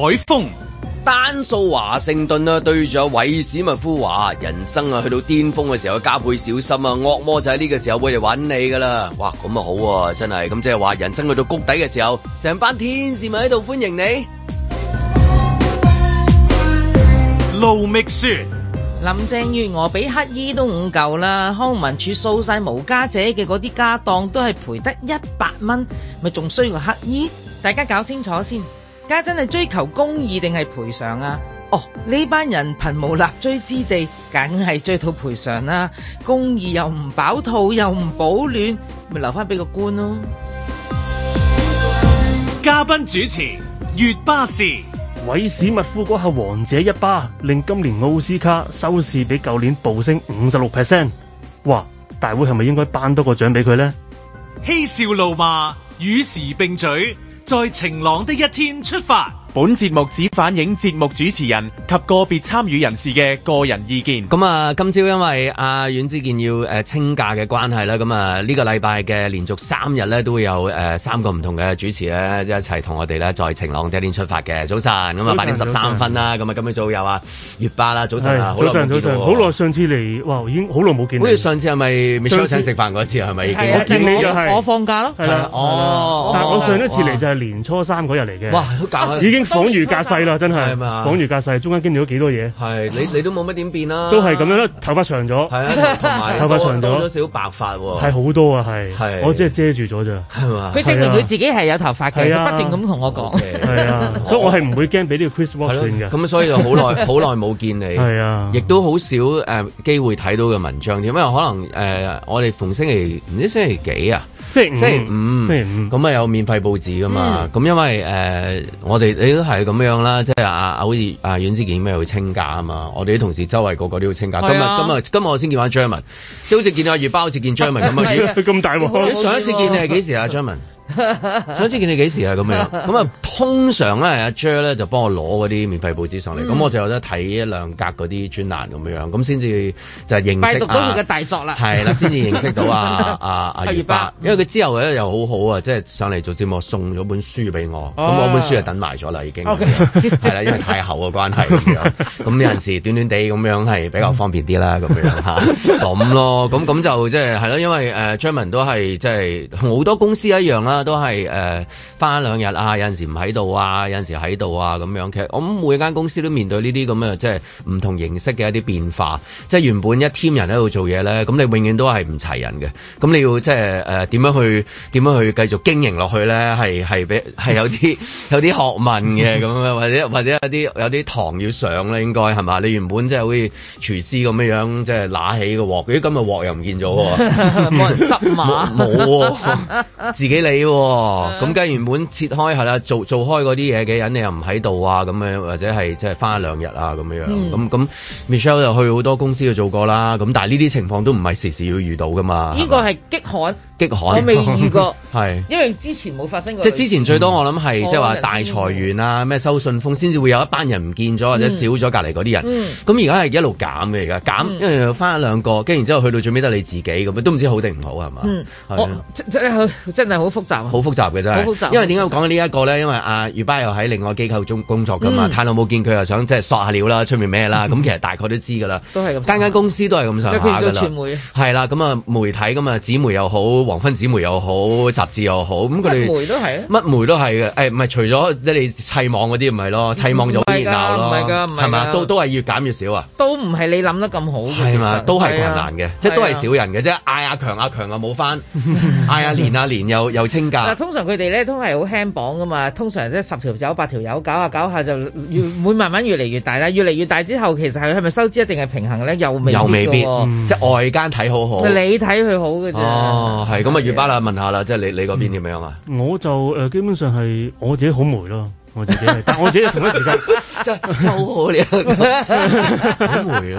海風、丹素華盛頓啊，對住韋史密夫話：人生啊，去到巔峰嘅時候，加倍小心啊！惡魔就喺呢個時候會嚟揾你噶啦。哇，咁啊好喎，真係咁即係話，人生去到谷底嘅時候，成班天使咪喺度歡迎你。盧覓雪，林鄭月娥俾乞衣都唔夠啦，康文署掃晒無家者嘅嗰啲家當都賠，都係賠得一百蚊，咪仲衰過乞衣？大家搞清楚先。家真係追求公義定係賠償啊？哦，呢班人貧無立錐之地，梗係追討賠償啦！公義又唔飽肚，又唔保暖，咪留翻俾個官咯！嘉賓主持，月巴氏韋史密夫嗰下王者一巴，令今年奧斯卡收視比舊年暴升五十六 percent。哇！大會係咪應該頒多個獎俾佢呢？嬉笑怒罵，與時並嘴。在晴朗的一天出發。本節目只反映節目主持人及個別參與人士嘅個人意見。咁啊，今朝因為阿阮子健要誒清假嘅關係啦。咁啊呢個禮拜嘅連續三日咧都會有誒三個唔同嘅主持咧一齊同我哋咧在晴朗的一天出發嘅。早晨，咁啊八點十三分啦，咁啊今日早有啊，月巴啦，早晨啊，好耐唔見喎，好耐上次嚟，哇，已經好耐冇見。好似上次係咪 Michelle 請食飯嗰次係咪？已經，我見你就係我放假咯，係啦，哦，但我上一次嚟就係年初三嗰日嚟嘅。哇，都搞已經恍如隔世啦，真係，係咪恍如隔世？中間經歷咗幾多嘢。係你你都冇乜點變啦。都係咁樣咯，頭髮長咗，係啊，同埋，頭髮長咗，少少白髮喎。係好多啊，係，我只係遮住咗咋。係嘛，佢證明佢自己係有頭髮嘅，佢不斷咁同我講。係啊，所以我係唔會驚俾呢個 Chris Watson 嘅。咁所以就好耐好耐冇見你，係啊，亦都好少誒機會睇到嘅文章添，因為可能誒我哋逢星期唔知星期幾啊。星期五，星期五，咁啊五有免費報紙噶嘛？咁、嗯、因為誒、呃，我哋你都係咁樣啦，即係啊，好似阿阮思健咩會清假啊嘛？我哋啲同事周圍個個都要清假、啊。今日今日今日我先見翻 j 文，r 即好似見阿月包好，大好似見 j 文咁啊！咁大喎，上一次見你係幾時啊 j 文？ 啊 German? 想知 見你幾時係咁、啊、樣？咁啊，通常咧阿、啊、J 咧、er、就幫我攞嗰啲免費報紙上嚟，咁、嗯、我就有得睇一兩格嗰啲專欄咁樣，咁先至就認識、啊。到佢嘅大作啦，係啦，先至認識到啊阿阿葉伯，因為佢之後咧又好好啊，即係上嚟做節目送咗本書俾我，咁我、啊、本書就等埋咗啦，已經係啦，因為太厚嘅關係。咁 有陣時短短地咁樣係比較方便啲啦，咁樣嚇咁咯，咁咁就即係係咯，因為誒、呃就是呃、Jerman 都係即係好多公司一樣啦、啊。都係誒，翻兩日啊，有陣時唔喺度啊，有陣時喺度啊，咁樣。其實我每間公司都面對呢啲咁嘅即係唔同形式嘅一啲變化。即係原本一 team 人喺度做嘢咧，咁你永遠都係唔齊人嘅。咁你要即係誒，點樣去點樣去繼續經營落去咧？係係比係有啲有啲學問嘅咁樣，或者或者有啲有啲堂要上咧，應該係嘛？你原本即係好似廚師咁樣樣，即係拿起個鑊，咦，今日鑊又唔見咗喎，冇 人執嘛？冇 自己理。咁梗係原本切開係啦，做做開嗰啲嘢嘅人，你又唔喺度啊，咁樣或者係即係翻一兩日啊，咁樣樣。咁咁、嗯、Michelle 又去好多公司度做過啦。咁但係呢啲情況都唔係時時要遇到㗎嘛？呢個係極罕。我未遇過，係因為之前冇發生過。即係之前最多我諗係即係話大裁員啊，咩收信封先至會有一班人唔見咗或者少咗隔離嗰啲人。咁而家係一路減嘅，而家，減因為又翻一兩個，跟住然之後去到最尾都係你自己咁，都唔知好定唔好係嘛？係，真真係好複雜好複雜嘅真係，因為點解講呢一個咧？因為阿魚巴又喺另外機構中工作㗎嘛，太耐冇見佢又想即係索下料啦，出面咩啦？咁其實大概都知㗎啦。都係咁，間間公司都係咁上下㗎啦。傳媒，係啦，咁啊媒體咁啊紙媒又好。黃昏紙媒又好，雜誌又好，咁佢哋媒都係啊！乜媒都係嘅，誒唔係除咗你哋砌網嗰啲唔係咯，砌網就變鬧咯，係嘛？都都係越減越少啊！都唔係你諗得咁好嘅，係嘛？都係困難嘅，即係都係少人嘅啫。嗌阿強，阿強又冇返；嗌阿連，阿連又又清假。嗱，通常佢哋咧都係好輕磅噶嘛。通常即十條友、八條友、搞下搞下就越會慢慢越嚟越大啦。越嚟越大之後，其實係咪收支一定係平衡咧？又未又未必，即係外間睇好好，你睇佢好嘅啫。哦，係。咁啊，月巴啦，問下啦，即係你你嗰邊點樣啊？我就誒基本上係我自己好攰咯，我自己係，但我自己同一時間即係即係好好攰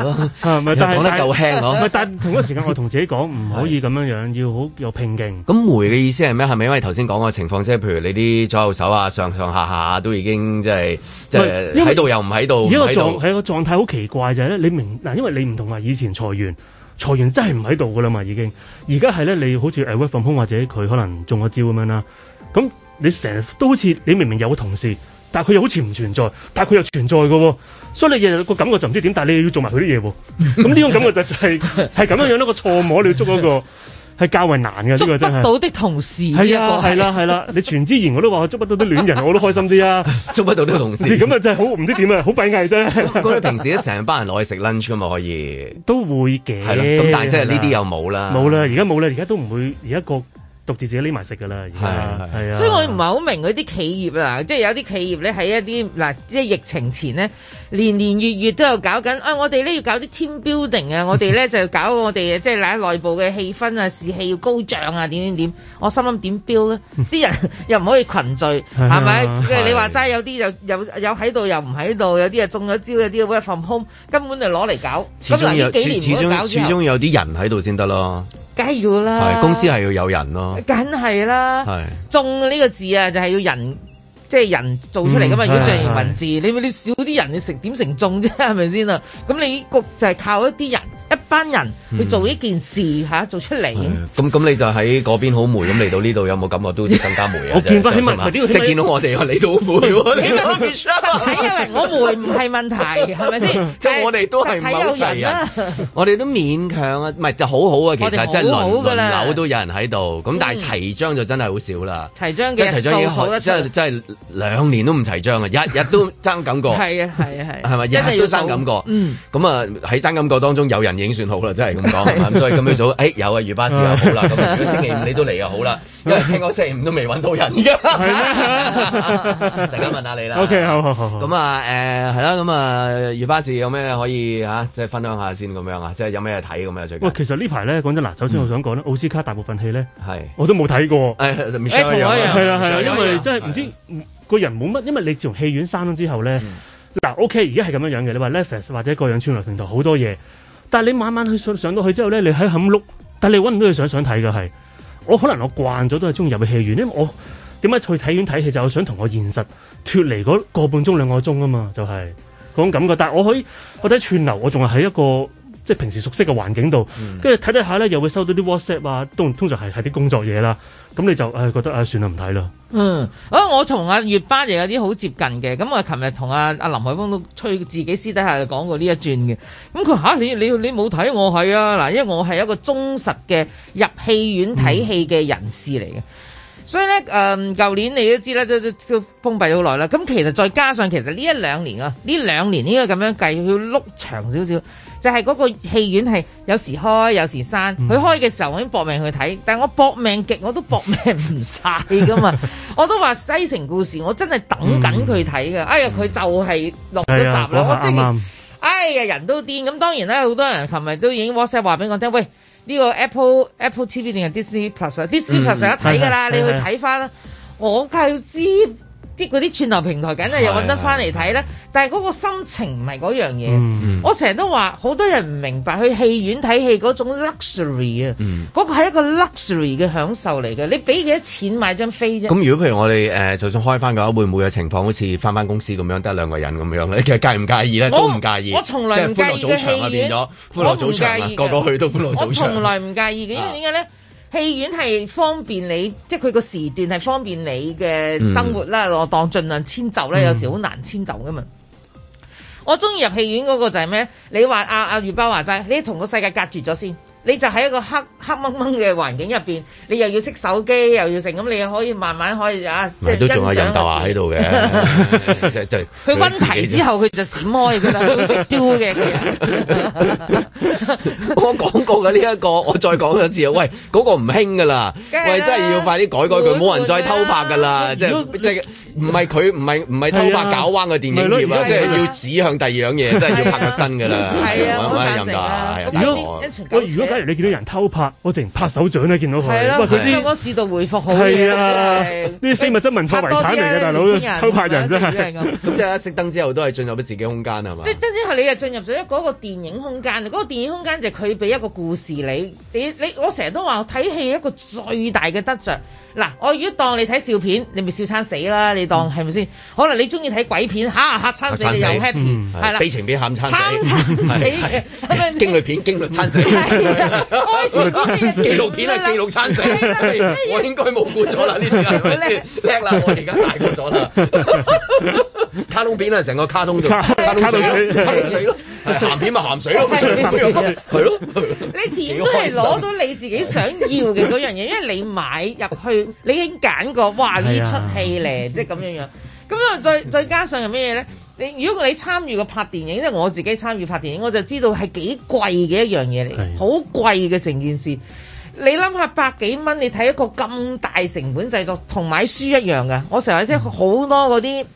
咯。唔係，但講得夠輕咯。但同一時間我同自己講唔可以咁樣樣，要好有拼勁。咁攰嘅意思係咩？係咪因為頭先講個情況，即係譬如你啲左右手啊，上上下下都已經即係即係喺度又唔喺度。喺個狀喺個狀態好奇怪就係咧，你明嗱？因為你唔同話以前裁員。裁員真係唔喺度噶啦嘛，已經而家係咧，你好似 work from home 或者佢可能中咗招咁樣啦，咁你成日都好似你明明有個同事，但係佢又好似唔存在，但係佢又存在嘅喎、哦，所以你日日個感覺就唔知點，但係你要做埋佢啲嘢喎，咁呢 種感覺就就係係咁樣樣一個錯摸，你要捉一個。係較為難嘅呢個真係，捉不到啲同事。係啊，係啦，係啦，你全職員我都話 捉不到啲戀人， 我都開心啲啊， 捉不到啲同事，咁啊真係好唔知點 啊，好閉翳啫。咁佢平時都成班人攞去食 lunch 噶嘛，可以。都會嘅。係啦。咁但係即係呢啲又冇啦。冇啦，而家冇啦，而家都唔會而家個。獨自自己匿埋食噶啦，而家，所以我唔係好明嗰啲企業啦，即係有啲企業咧喺一啲嗱，即係疫情前咧，年年月月都有搞緊啊！我哋咧要搞啲 team building 啊，我哋咧就搞我哋即係嗱內部嘅氣氛啊，士氣要高漲啊，點點點，我心諗點標咧？啲人又唔可以群聚，係咪？即係你話齋有啲又又有喺度，又唔喺度，有啲啊中咗招，有啲啊 work from home，根本就攞嚟搞，始終有始終始終有啲人喺度先得咯。梗係要啦，公司係要有人咯，梗係啦，眾呢是個字啊，就係、是、要人，即、就、係、是、人做出嚟噶嘛。嗯、如果象形文字，是是是你是是是你少啲人，你成點成眾啫，係咪先啊？咁你個就係靠一啲人。一班人去做呢件事吓，做出嚟，咁咁你就喺嗰邊好悶，咁嚟到呢度有冇感覺都更加悶啊！我見翻問，你啲即係見到我哋話你都好悶，實體有人我悶唔係問題，係咪先？即係我哋都係實體有人，我哋都勉強啊，唔係就好好啊。其實即係輪輪樓都有人喺度，咁但係齊章就真係好少啦。齊章嘅即齊章已經即係即兩年都唔齊章啊！日日都爭感覺，係啊係啊係，係咪日日都爭感覺？嗯，咁啊喺爭感覺當中有人。已經算好啦，真係咁講係嘛？咁所以咁早，哎有啊，如巴士啊，好啦。咁如果星期五你都嚟啊，好啦。因為聽講星期五都未揾到人而家。陣間問下你啦。O K，好，好，好。咁啊，誒係啦。咁啊，如巴士有咩可以啊，即係分享下先咁樣啊？即係有咩睇咁啊？最近。喂，其實呢排咧，講真嗱，首先我想講咧，奧斯卡大部分戲咧，係我都冇睇過。誒，係因為真係唔知個人冇乜，因為你自從戲院閂咗之後咧，嗱，O K，而家係咁樣樣嘅。你話 Netflix 或者各樣串流平台好多嘢。但係你晚晚去上上到去之後咧，你喺咁碌，但係你揾唔到佢想想睇嘅係，我可能我慣咗都係中意入去戲院，因為我點解去睇院睇戲就係、是、想同我現實脱離嗰個半鐘兩個鐘啊嘛，就係、是、嗰種感覺。但係我可以我睇串流，我仲係喺一個即係平時熟悉嘅環境度，跟住睇睇下咧，又會收到啲 WhatsApp 啊，都通常係係啲工作嘢啦。咁你就誒覺得誒、啊，算啦唔睇啦。嗯，啊我同阿月巴就有啲好接近嘅，咁我琴日同阿阿林海峰都吹自己私底下講過呢一轉嘅。咁佢吓你你你冇睇我係啊，嗱、啊，因為我係一個忠實嘅入戲院睇戲嘅人士嚟嘅。嗯、所以咧，誒、嗯，舊年你都知啦，都都封閉咗好耐啦。咁其實再加上，其實呢一兩年啊，呢兩年應該咁樣計，要碌長少少。就係嗰個戲院係有時開有時閂，佢開嘅時候我已經搏命去睇，但係我搏命極我都搏命唔晒噶嘛，我都話 西城故事我真係等緊佢睇噶，哎呀佢就係落咗閘啦，嗯嗯嗯、我即、嗯、哎呀人都癲，咁當然啦，好多人琴日都已經 WhatsApp 話俾我聽，喂呢、呢個 Apple Apple TV 定係 Disney Plus、Disney Plus 成日睇㗎啦，嗯、你去睇翻，我梗係要知。啲啲串流平台梗係又揾得翻嚟睇咧，的但係嗰個心情唔係嗰樣嘢。嗯嗯、我成日都話好多人唔明白去戲院睇戲嗰種 luxury 啊、嗯，嗰個係一個 luxury 嘅享受嚟嘅。你俾幾多錢買張飛啫？咁、嗯、如果譬如我哋誒、呃，就算開翻嘅話，會唔會有情況好似翻翻公司咁樣得兩個人咁樣咧？其實介唔介意咧？都唔介意我，我從來唔介意嘅歡樂早場。我唔介意嘅。我從來唔介意嘅， 因為點解咧？.戲院係方便你，即係佢個時段係方便你嘅生活啦。嗯、我當盡量遷就咧，有時好難遷就噶嘛。嗯、我中意入戲院嗰個就係咩？你話阿阿余包華話齋，你同個世界隔絕咗先。你就喺一個黑黑掹掹嘅環境入邊，你又要識手機，又要成咁，你又可以慢慢可以啊，即係都仲有楊大華喺度嘅，即係佢溫題之後佢就閃開噶啦，識 do 嘅。我講過嘅呢一個，我再講一次啊！喂，嗰個唔興噶啦，喂真係要快啲改改佢，冇人再偷拍噶啦，即係即係唔係佢唔係唔係偷拍搞彎嘅電影業啊！即係要指向第二樣嘢，真係要拍個新噶啦，唔係唔係咁噶，大河。假如你見到人偷拍，我直情拍手掌啦！見到佢，的哇！佢啲香港市道回覆好呢啲非物質文化遺產嚟嘅、欸、大佬哥偷拍人，人， 人真係咁，咁 即係熄燈之後都係進入咗自己空間係嘛？即係燈之後，你就進入咗一個電影空間，嗰、那個電影空間就佢俾一個故事你，你，你我成日都話睇戲一個最大嘅得着。嗱，我如果當你睇笑片，你咪笑餐死啦！你當係咪先？可能你中意睇鬼片嚇，嚇餐死你又 happy，係啦。悲情片喊餐死。驚慄片驚慄餐死。愛情啲紀錄片係記錄餐死。我應該冇估咗啦呢啲啊！叻啦，我而家大個咗啦。卡通片啊，成個卡通卡通水。鹹片咪鹹水咯，咁樣係咯。你點都係攞到你自己想要嘅嗰樣嘢，因為你買入去。你已經揀過，哇！呢出戲咧，是啊、即係咁樣樣。咁又再再加上係咩嘢咧？你如果你參與過拍電影，即係我自己參與拍電影，我就知道係幾貴嘅一樣嘢嚟，好是的 貴嘅成件事。你諗下百幾蚊，你睇一個咁大成本製作，同買書一樣嘅。我成日聽好多嗰啲。嗯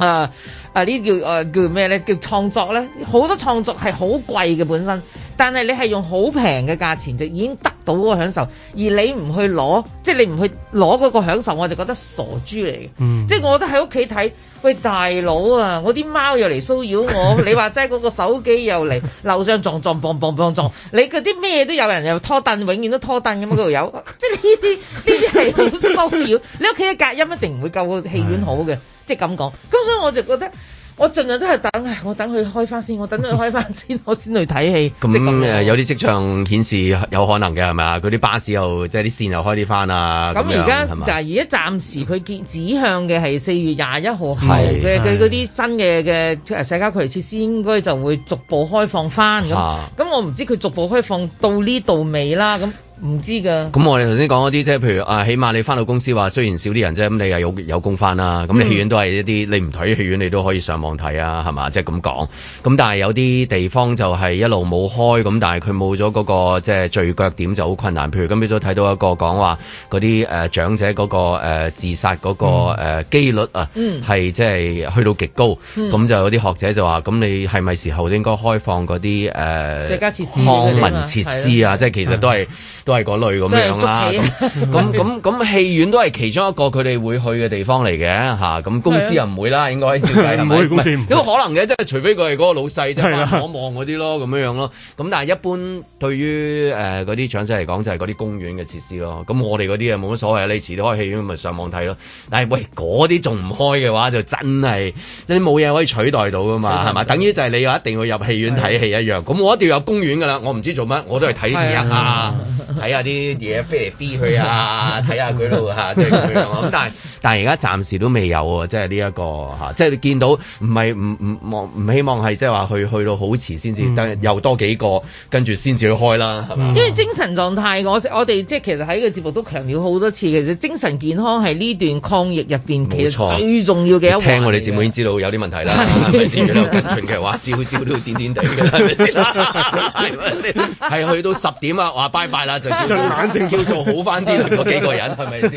啊啊呢啲叫啊叫咩咧？叫創作咧，好多創作係好貴嘅本身，但係你係用好平嘅價錢就已經得到嗰個享受，而你唔去攞，即係你唔去攞嗰個享受，我就覺得傻豬嚟嘅。即係我都喺屋企睇，喂大佬啊，我啲貓又嚟騷擾我，你話齋嗰個手機又嚟樓上撞撞 bang bang bang 撞，你嗰啲咩都有人又拖凳，永遠都拖凳咁嗰度有，即係呢啲呢啲係好騷擾。你屋企嘅隔音一定唔會夠個戲院好嘅。即咁講，咁所以我就覺得，我盡量都係等，我等佢開翻先，我等佢開翻先， 我先去睇戲。咁誒，有啲跡象顯示有可能嘅係咪啊？佢啲巴士又即係啲線又開啲翻啊。咁而家就而家暫時佢結指向嘅係四月廿一號，後嘅。佢嗰啲新嘅嘅社交距離設施應該就會逐步開放翻咁。咁是我唔知佢逐步開放到呢度未啦咁。唔知㗎。咁我哋頭先講嗰啲，即係譬如啊，That, days, uh, 起碼你翻到公司話，雖然少啲人啫，咁你又有有工翻啦。咁、uh, 你戲院都係一啲，你唔睇戲院，你都可以上網睇啊，係嘛？即係咁講。咁但係有啲地方就係、是、一路冇開，咁但係佢冇咗嗰個即係聚腳點就好困難。譬如今啱先睇到一個講話，嗰啲誒長者嗰個自殺嗰個誒機率啊，係即係去到極高。咁就有啲學者就話：咁你係咪時候應該開放嗰啲誒康文設施啊？即係其實都係。都係嗰類咁樣啦，咁咁咁咁戲院都係其中一個佢哋會去嘅地方嚟嘅嚇，咁公司又唔會啦，應該唔會公司唔可能嘅？即係除非佢係嗰個老細就係可望嗰啲咯，咁樣樣咯。咁但係一般對於誒嗰啲長者嚟講，就係嗰啲公園嘅設施咯。咁我哋嗰啲啊冇乜所謂，你遲啲開戲院咪上網睇咯。但係喂嗰啲仲唔開嘅話，就真係你冇嘢可以取代到噶嘛，係嘛？等於就係你一定要入戲院睇戲一樣。咁我一定要有公園㗎啦，我唔知做乜，我都係睇啊。睇下啲嘢飛嚟飛去啊，睇下佢咯嚇，即係咁但係但係而家暫時都未有喎，即係呢一個嚇，即係你見到唔係唔唔望唔希望係即係話去去到好遲先至，但又多幾個跟住先至開啦，係嘛？因為精神狀態，我我哋即係其實喺個節目都強調好多次嘅，精神健康係呢段抗疫入邊其實最重要嘅一。聽我哋節目已經知道有啲問題啦，係咪先？咁群劇話朝朝都要點點地㗎啦，係咪先？係去到十點啊，話拜拜啦就。反正叫， 叫做好翻啲啦，嗰 幾個人係咪先？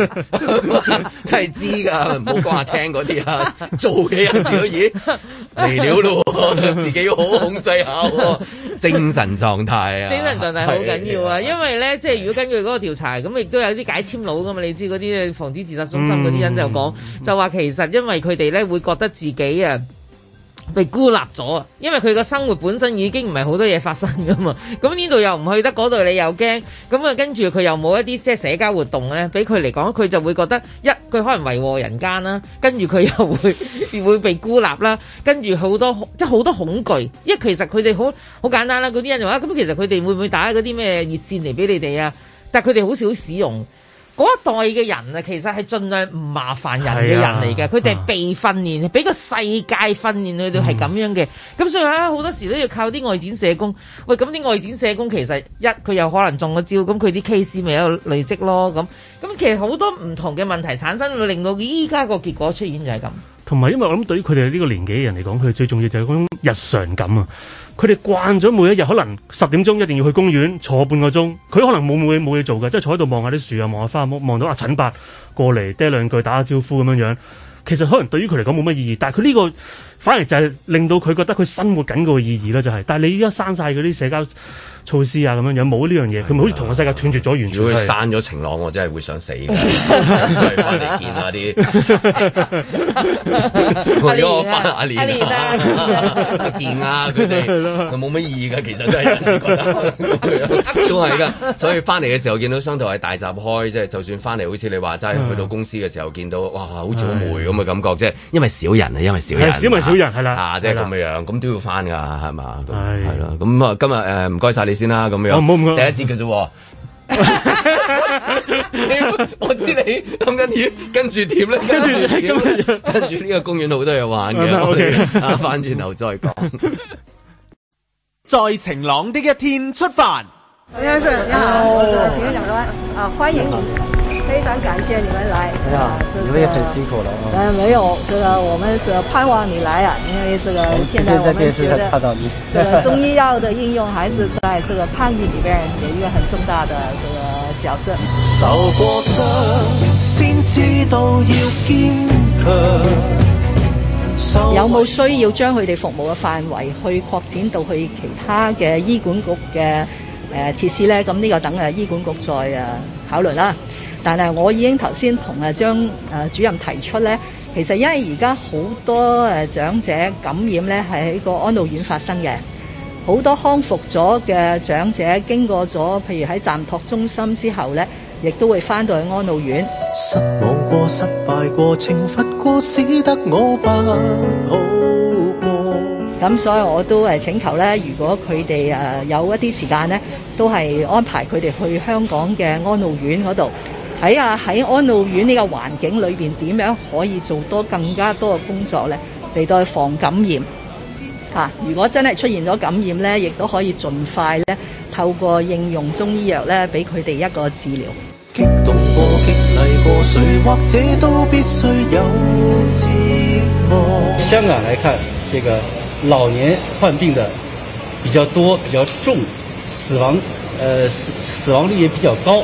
真係 知噶，唔好講下聽嗰啲啊， 做嘅人自己嚟料咯，自己要好控制下 精神狀態啊，精神狀態好緊要啊，是因為咧，即係如果根據嗰個調查，咁亦都有啲解簽佬噶嘛，你知嗰啲防止自殺中心嗰啲人就講，嗯、就話其實因為佢哋咧會覺得自己啊。被孤立咗啊！因為佢個生活本身已經唔係好多嘢發生㗎嘛，咁呢度又唔去得，嗰度你又驚，咁啊跟住佢又冇一啲即係社交活動咧，俾佢嚟講，佢就會覺得一佢可能為禍人間啦，跟住佢又會會被孤立啦，跟住好多 即係好多恐懼，因為其實佢哋好好簡單啦，嗰啲人就話咁，其實佢哋會唔會打嗰啲咩熱線嚟俾你哋啊？但係佢哋好少使用。嗰一代嘅人啊，其實係盡量唔麻煩人嘅人嚟嘅，佢哋係被訓練，俾、啊、個世界訓練佢哋係咁樣嘅。咁、嗯、所以咧，好多時都要靠啲外展社工。喂，咁啲外展社工其實一佢又可能中咗招，咁佢啲 case 咪有累積咯。咁咁其實好多唔同嘅問題產生，會令到依家個結果出現就係咁。同埋，因為我諗對於佢哋呢個年紀嘅人嚟講，佢最重要就係嗰種日常感啊。佢哋慣咗每一日可能十點鐘一定要去公園坐半個鐘，佢可能冇冇冇嘢做嘅，即係坐喺度望下啲樹啊，望下花，望到阿陳伯過嚟嗲兩句，打下招呼咁樣樣。其實可能對於佢嚟講冇乜意義，但係佢呢個反而就係令到佢覺得佢生活緊個意義啦，就係、是。但係你而家生晒嗰啲社交。措施啊咁樣樣冇呢樣嘢，佢好似同個世界斷絕咗完全。如果佢刪咗晴朗，我真係會想死㗎。翻嚟見下啲，我哋阿阿連啊，見下佢哋，冇乜意義㗎。其實真係都係㗎。所以翻嚟嘅時候，見到商台喺大閘開，即係就算翻嚟，好似你話齋，去到公司嘅時候，見到哇，好早霉咁嘅感覺，即係因為少人啊，因為少人，少人少人係啦，即係咁嘅樣，咁都要翻㗎係嘛，係咯。咁啊，今日誒唔該晒你。先啦，咁樣、哦、第一節嘅啫。我知你諗緊點，跟住點咧？跟住跟住呢個公園好多嘢玩嘅， 我哋翻轉頭再講。在 晴朗的一天出發。王先生，你好，請啊，歡迎你。嗯非常感謝你們來，你你們也很辛苦了。嗯、呃，沒有，這個我們是盼望你來啊，因為這個現在我們覺得，這， 這個中醫藥的應用還是在這個抗疫裏面有一個很重大的這個角色。有冇需要將佢哋服務嘅範圍去擴展到去其他嘅醫管局嘅誒、呃、設施咧？咁呢個等誒醫管局再誒、呃、考慮啦。但係我已經頭先同阿張啊主任提出咧，其實因為而家好多誒長者感染咧，係喺個安老院發生嘅，好多康復咗嘅長者經過咗，譬如喺暫托中心之後咧，亦都會翻到去安老院。失望過，失敗過，懲罰過，使得我不好過。咁所以我都係請求咧，如果佢哋誒有一啲時間咧，都係安排佢哋去香港嘅安老院嗰度。喺啊喺安老院呢個環境裏邊，點樣可以做多更加多嘅工作咧？嚟到防感染嚇、啊。如果真係出現咗感染咧，亦都可以盡快咧透過應用中醫藥咧，俾佢哋一個治療。激動過激過香港嚟看，這個老年患病的比較多、比較重，死亡，呃死死亡率也比較高。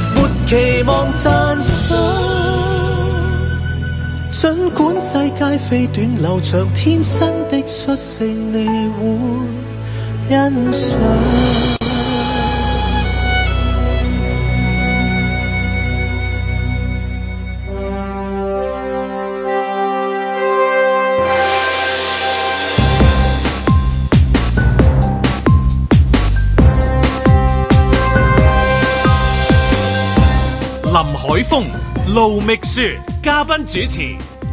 期望讚賞，儘管世界飛短流長，天生的出世你會欣賞。海峰盧覓雪，嘉賓主持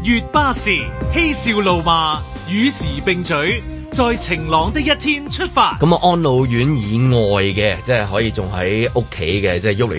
粵巴士，嬉笑怒罵與時並舉。在晴朗的一天出發，咁啊，安老院以外嘅，即係可以仲喺屋企嘅，即係喐嚟喐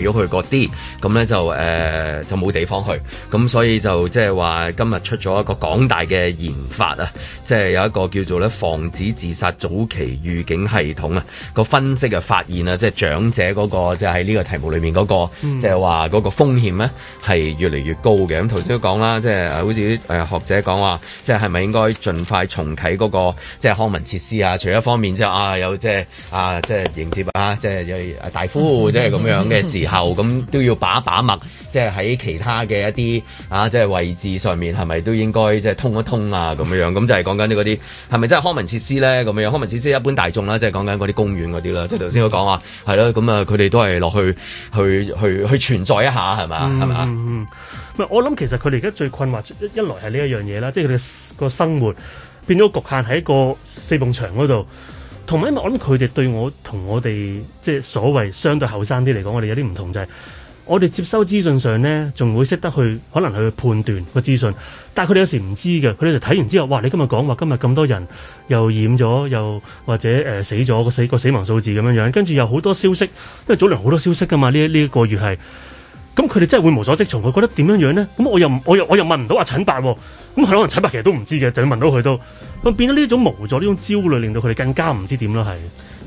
去啲，咁咧就誒、呃、就冇地方去。咁所以就即係話今日出咗一個港大嘅研發啊，即係有一個叫做咧防止自殺早期預警系統啊。個分析啊，發現啊，即係長者個即係喺呢個題目裏面個，即係話個風險咧係越嚟越高嘅。咁頭先都講啦，即係好似啲誒學者講話，即係係咪應該盡快重啟個即係。睇康文設施啊，除咗方面之、就、後、是、啊，有即、就、係、是、啊，即、就、係、是、迎接啊，即、就、係、是、有大夫，即係咁樣嘅時候，咁、嗯、都要把一把脈，即係喺其他嘅一啲啊，即、就、係、是、位置上面係咪都應該即係通一通啊，咁、嗯、樣、就是、是是呢樣咁就係講緊啲嗰啲係咪真係康文設施咧？咁樣康文設施一般大眾啦，即係講緊嗰啲公園嗰啲啦，即係頭先我講話係咯，咁啊，佢哋都係落去去去去存在一下，係咪？係咪、嗯？唔係吧我諗，其實佢哋而家最困惑一來係呢一樣嘢啦，即係佢哋個生活。變咗局限喺個四埲牆嗰度，同埋因為我諗佢哋對我同我哋即係所謂相對後生啲嚟講，我哋有啲唔同就係、是，我哋接收資訊上咧，仲會識得去可能去判斷個資訊，但係佢哋有時唔知嘅，佢哋就睇完之後，哇！你今日講話今日咁多人又染咗，又或者誒、呃、死咗個死個死亡數字咁樣樣，跟住又好多消息，因為早兩日好多消息噶嘛呢呢、一個月係，咁佢哋真係會無所適從，佢覺得點樣樣咧？咁我又我又我又，我又問唔到阿陳伯、哦。咁係咯，陳伯其實都唔知嘅，就要問到佢都，咁變咗呢一種無助、呢種焦慮，令到佢哋更加唔知點咯，係。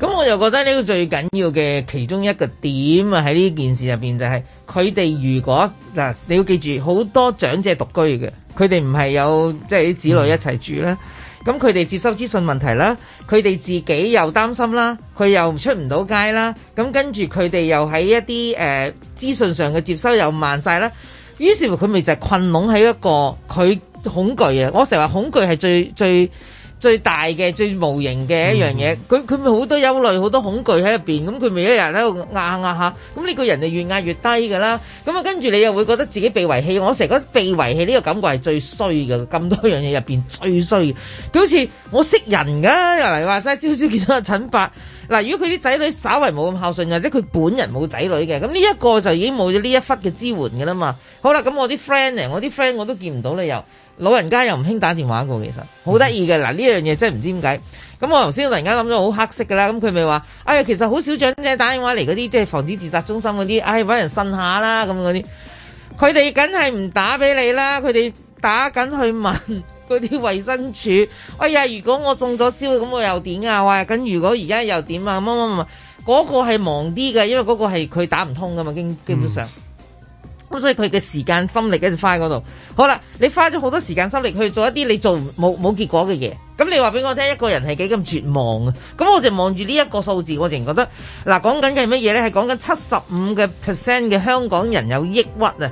咁我就覺得呢個最緊要嘅其中一個點啊，喺呢件事入邊就係佢哋如果嗱，你要記住，好多長者獨居嘅，佢哋唔係有即係啲子女一齊住啦，咁佢哋接收資訊問題啦，佢哋自己又擔心啦，佢又出唔到街啦，咁跟住佢哋又喺一啲誒、呃、資訊上嘅接收又慢晒啦，於是乎佢咪就係困籠喺一個佢。恐懼啊！我成日話恐懼係最最最大嘅最無形嘅一樣嘢，佢，佢咪好多憂慮，好多恐懼喺入邊。咁佢咪一日喺度壓壓下。咁呢個人就越壓越低噶啦。咁啊跟住你又會覺得自己被遺棄。我成日覺得被遺棄呢個感覺係最衰嘅，咁多樣嘢入邊最衰。佢好似我識人噶，又嚟話齋朝朝見到阿陳伯。嗱，如果佢啲仔女稍為冇咁孝順或者佢本人冇仔女嘅，咁呢一個就已經冇咗呢一忽嘅支援㗎喇嘛。好啦，咁我啲 friend 嚟，我啲 friend 我都見唔到你，又，老人家又唔興打電話過，其實好得意嘅。嗱呢樣嘢真係唔知點解。咁我頭先突然間諗咗，好黑色㗎喇，咁佢咪話，唉、哎、其實好少長者打電話嚟嗰啲，即係防止自殺中心嗰啲，哎，揾人呻下啦咁嗰啲，佢哋梗係唔打俾你啦，佢哋打緊去問。嗰啲衞生署，哎呀！如果我中咗招，咁我又點啊？哇、哎！咁如果而家又點啊？乜乜乜？嗰、那個係忙啲嘅，因為嗰個係佢打唔通噶嘛，基基本上。咁、嗯、所以佢嘅時間心力喺度花喺嗰度。好啦，你花咗好多時間心力去做一啲你做冇冇結果嘅嘢。咁你話俾我聽，一個人係幾咁絕望啊？咁我就望住呢一個數字，我淨係覺得嗱，講緊嘅係乜嘢呢？係講緊七十五嘅 percent 嘅香港人有抑鬱啊！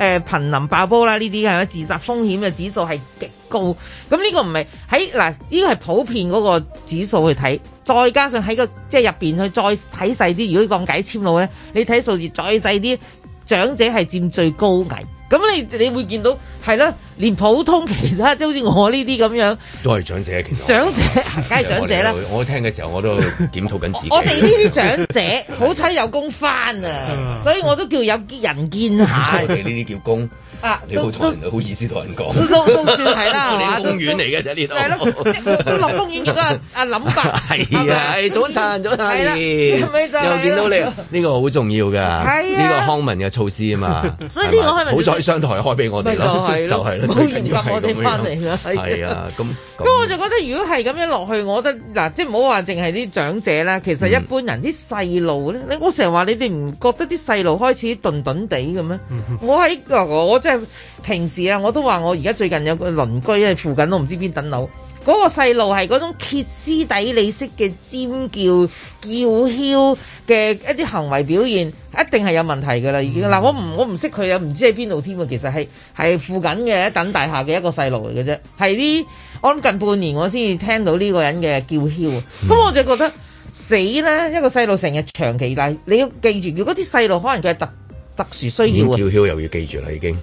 誒瀕臨爆煲啦，呢啲係咯，自殺風險嘅指數係極高。咁呢個唔係喺嗱，呢、這個係普遍嗰個指數去睇，再加上喺個即係入邊去再睇細啲。如果降解簽路咧，你睇數字再細啲，長者係佔最高危。咁你你會見到係啦，連普通其他即好似我呢啲咁樣，都係長者，其實長者，梗係長者啦。我聽嘅時候我都檢討緊自己。我哋呢啲長者好彩有工返啊，所以我都叫有人見下。我哋呢啲叫工啊？你好彩，好意思同人講。都算係啦，公園嚟嘅喺呢度。係咯，落公園見到阿林伯。係啊，早晨，早晨。係啦。又見到你，呢個好重要㗎。係啊，呢個康文嘅措施啊嘛。所以呢個康文好彩。商台開俾我哋啦，就係啦，好迎合我哋翻嚟啦，係啊，咁，咁我就覺得如果係咁樣落去，我覺得嗱、啊，即係唔好話淨係啲長者啦，其實一般人啲細路咧，嗯、我你我成日話你哋唔覺得啲細路開始鈍鈍地嘅咩？我喺我即係平時啊，我都話我而家最近有個鄰居喺附近，都唔知邊等樓。嗰個細路係嗰種歇斯底里式嘅尖叫叫囂嘅一啲行為表現，一定係有問題㗎喇！嗱、嗯，我唔我唔識佢又唔知喺邊度添啊。其實係係附近嘅一等大廈嘅一個細路嚟嘅啫，係呢，我諗近半年我先至聽到呢個人嘅叫囂。咁、嗯、我就覺得死啦！一個細路成日長期大，你要記住，如果啲細路可能佢係特特殊需要啊，叫囂又要記住啦，已經。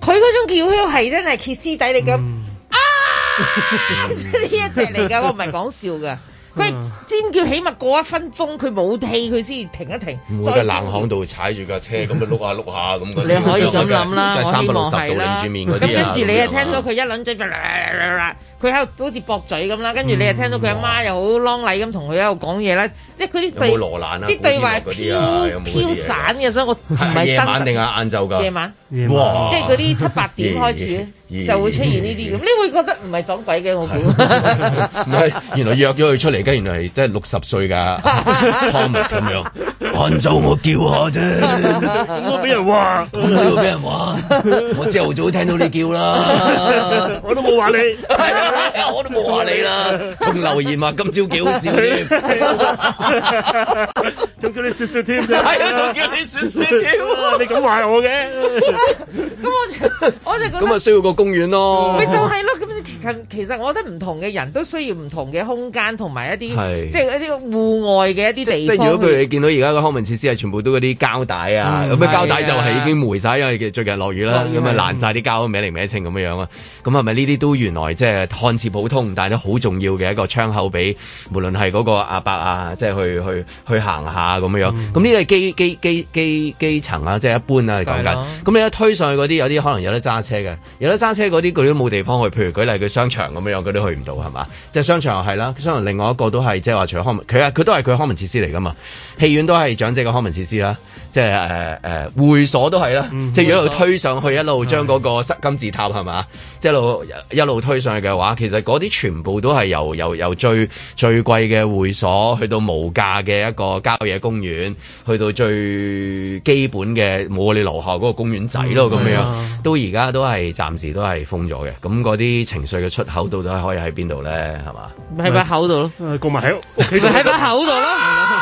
佢嗰種叫囂係真係歇斯底里咁。嗯呢一隻嚟㗎，我唔係講笑㗎。佢係尖叫，起碼過一分鐘，佢冇氣，佢先停一停。喺冷巷度踩住架車，咁佢碌下碌下咁。你可以咁諗啦，我希望係啦。咁跟住你又聽到佢一輪嘴，佢喺度好似駁嘴咁啦。跟住你又聽到佢阿媽又好啷禮咁同佢喺度講嘢啦。即係嗰啲對，啲對話飄飄散嘅，所以我唔係真定係晏晝㗎。夜晚，即係嗰啲七八點開始。就會出現呢啲咁，嗯、你會覺得唔係撞鬼嘅，我估。唔係 原來約咗佢出嚟嘅，原來係即係六十歲㗎 ，Thomas 咁樣！晏晝我叫下啫，我俾人話，邊度俾人話？我朝頭早聽到你叫啦，我都冇話你，我都冇話你啦。仲留言話今朝幾好笑添，仲叫你笑笑添，係啊，仲叫你笑笑添，你咁話我嘅？咁我就我就咁，咁啊需要個公園咯。咪就係咯，咁其其實我覺得唔同嘅人都需要唔同嘅空間，同埋一啲即係一啲戶外嘅一啲地方。即係如果佢哋見到而家個。康文設施係全部都嗰啲膠帶啊，咁啊膠帶就係已經霉晒，因為最近落雨啦，咁啊爛晒啲膠，歪嚟歪清咁樣樣啊。咁係咪呢啲都原來即係看似普通，但係都好重要嘅一個窗口俾無論係嗰個阿伯啊，即係去去去行下咁樣樣。咁呢啲係基基基基基層啊，即係一般啊講緊。咁你一推上去嗰啲，有啲可能有得揸車嘅，有得揸車嗰啲佢都冇地方去。譬如舉例，佢商場咁樣樣，佢都去唔到係嘛？即係商場又係啦，商場另外一個都係即係話，除咗康文，佢啊佢都係佢康文設施嚟㗎嘛，戲院都係。長者嘅康文設施啦，即係誒誒會所都係啦，嗯、即係一路推上去，一路將嗰個失金字塔係嘛，即係的、就是、一路一路推上去嘅話，其實嗰啲全部都係由由由最最貴嘅會所，去到無價嘅一個郊野公園，去到最基本嘅冇我哋樓下嗰個公園仔咯，咁、嗯、樣都而家都係暫時都係封咗嘅，咁嗰啲情緒嘅出口到底係可以喺邊度咧？係嘛？喺把口度咯，埋喺屋。其實喺把口度咯。啊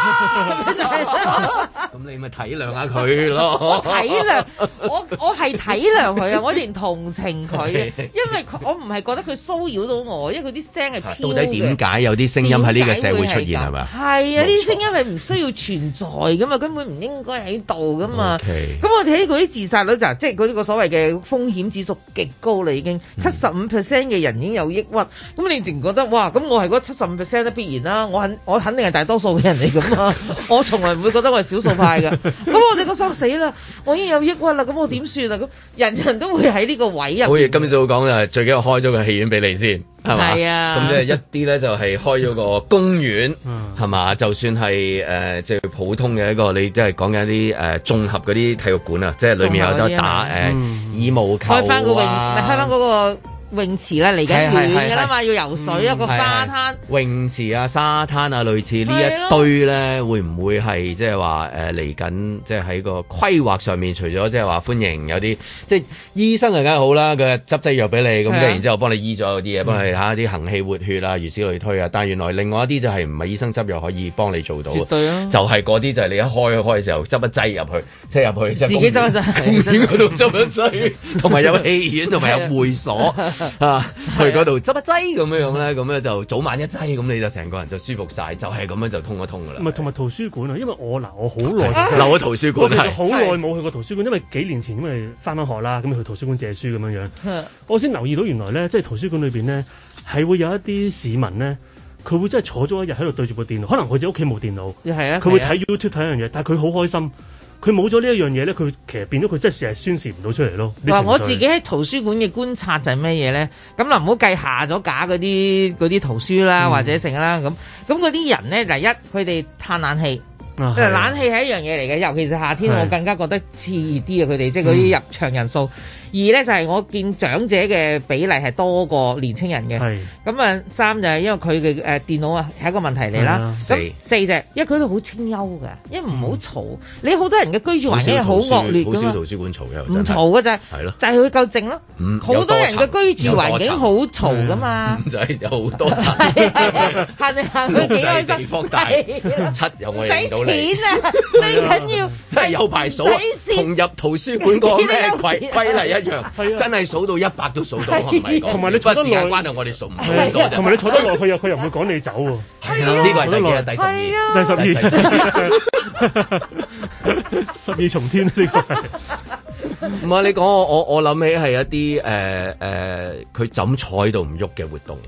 咁你咪體諒下佢咯，我體諒，我我係體諒佢啊，我連同情佢，因為我唔係覺得佢騷擾到我，因為佢啲聲係飄嘅。到底點解有啲聲音喺呢個社會出現係嘛？係啊，啲聲音係唔需要存在噶嘛，根本唔應該喺度噶嘛。咁 Okay.、嗯、我哋喺嗰啲自殺率就即係嗰啲個所謂嘅風險指數極高啦，已經七十五 percent 嘅人已經有抑鬱。咁你淨覺得哇，咁我係嗰七十五 percent 都必然啦、啊，我肯我肯定係大多數嘅人嚟噶嘛。 我從來唔會覺得我係少數派噶咁 我哋個心死啦，我已經有抑鬱啦，咁我點算啊？咁人人都會喺呢個位個是啊。好嘢，今日就講就係最緊要開咗個戲院俾你先，係嘛？係啊，咁即係一啲咧就係開咗個公園，係嘛？就算係誒即係普通嘅一個，你即係講緊一啲誒綜合嗰啲體育館啊，即係裏面有得打誒羽毛球、啊開嗰個。開翻嗰個開翻嗰個。泳池咧嚟緊遠嘅啦嘛，要游水啊，一個沙灘，泳池啊、沙灘啊，類似呢一堆咧，會唔會係即係話誒嚟緊即係喺個規劃上面？除咗即係話歡迎有啲即係醫生啊，梗係好啦，佢執劑藥俾你咁，跟住然之後幫你醫咗啲嘢，幫你睇下啲行氣活血啦，如此類推啊。但原來另外一啲就係唔係醫生執藥可以幫你做到，對啊，就係嗰啲就係你一開開嘅時候執一劑入去，即係入去自己執啊，醫院嗰度執一劑，同埋有戲院，同埋有會所。啊， 去嗰度執一劑咁樣樣咧，咁咧就早晚一劑，咁你就成個人就舒服晒，就係、是、咁樣就通一通噶啦。唔係，同埋圖書館啊，因為我嗱，我好耐，留喺圖書館，好耐冇去過圖書館，啊、因為幾年前因咪翻返學啦，咁去圖書館借書咁樣樣。啊、我先留意到原來咧，即係圖書館裏邊咧，係會有一啲市民咧，佢會真係坐咗一日喺度對住部電腦，可能佢自己屋企冇電腦，係啊，佢會睇 YouTube 睇樣嘢，但係佢好開心。佢冇咗呢一樣嘢咧，佢其實變咗佢真係成日宣泄唔到出嚟咯。嗱，我自己喺圖書館嘅觀察就係咩嘢咧？咁嗱，唔好計下咗架嗰啲嗰啲圖書啦，嗯、或者成啦咁。咁嗰啲人咧，第一佢哋嘆冷氣，嗱冷氣係一樣嘢嚟嘅，尤其是夏天，是我更加覺得熾熱啲啊！佢哋即係嗰啲入場人數。嗯。二咧就係我見長者嘅比例係多過年青人嘅，咁啊三就係因為佢嘅誒電腦啊係一個問題嚟啦。咁四就因為佢都好清幽㗎，因為唔好嘈。你好多人嘅居住環境好惡劣，好少圖書館嘈嘅，嘈嘅就係就係佢夠靜咯。好多人嘅居住環境好嘈噶嘛，就係有好多行嚟行去佢幾開心。地方大，七又使錢啊，最緊要真係有排數啊！同入圖書館個咩規例啊？真係數到一百都數到，同埋你坐得耐，時間關係我哋數唔到。同埋你坐得耐，佢又唔又會趕你走喎。係呢個係第二，第十二，第十二，十二重天啊！呢個唔係你講我我我諗起係一啲誒誒，佢枕坐喺度唔喐嘅活動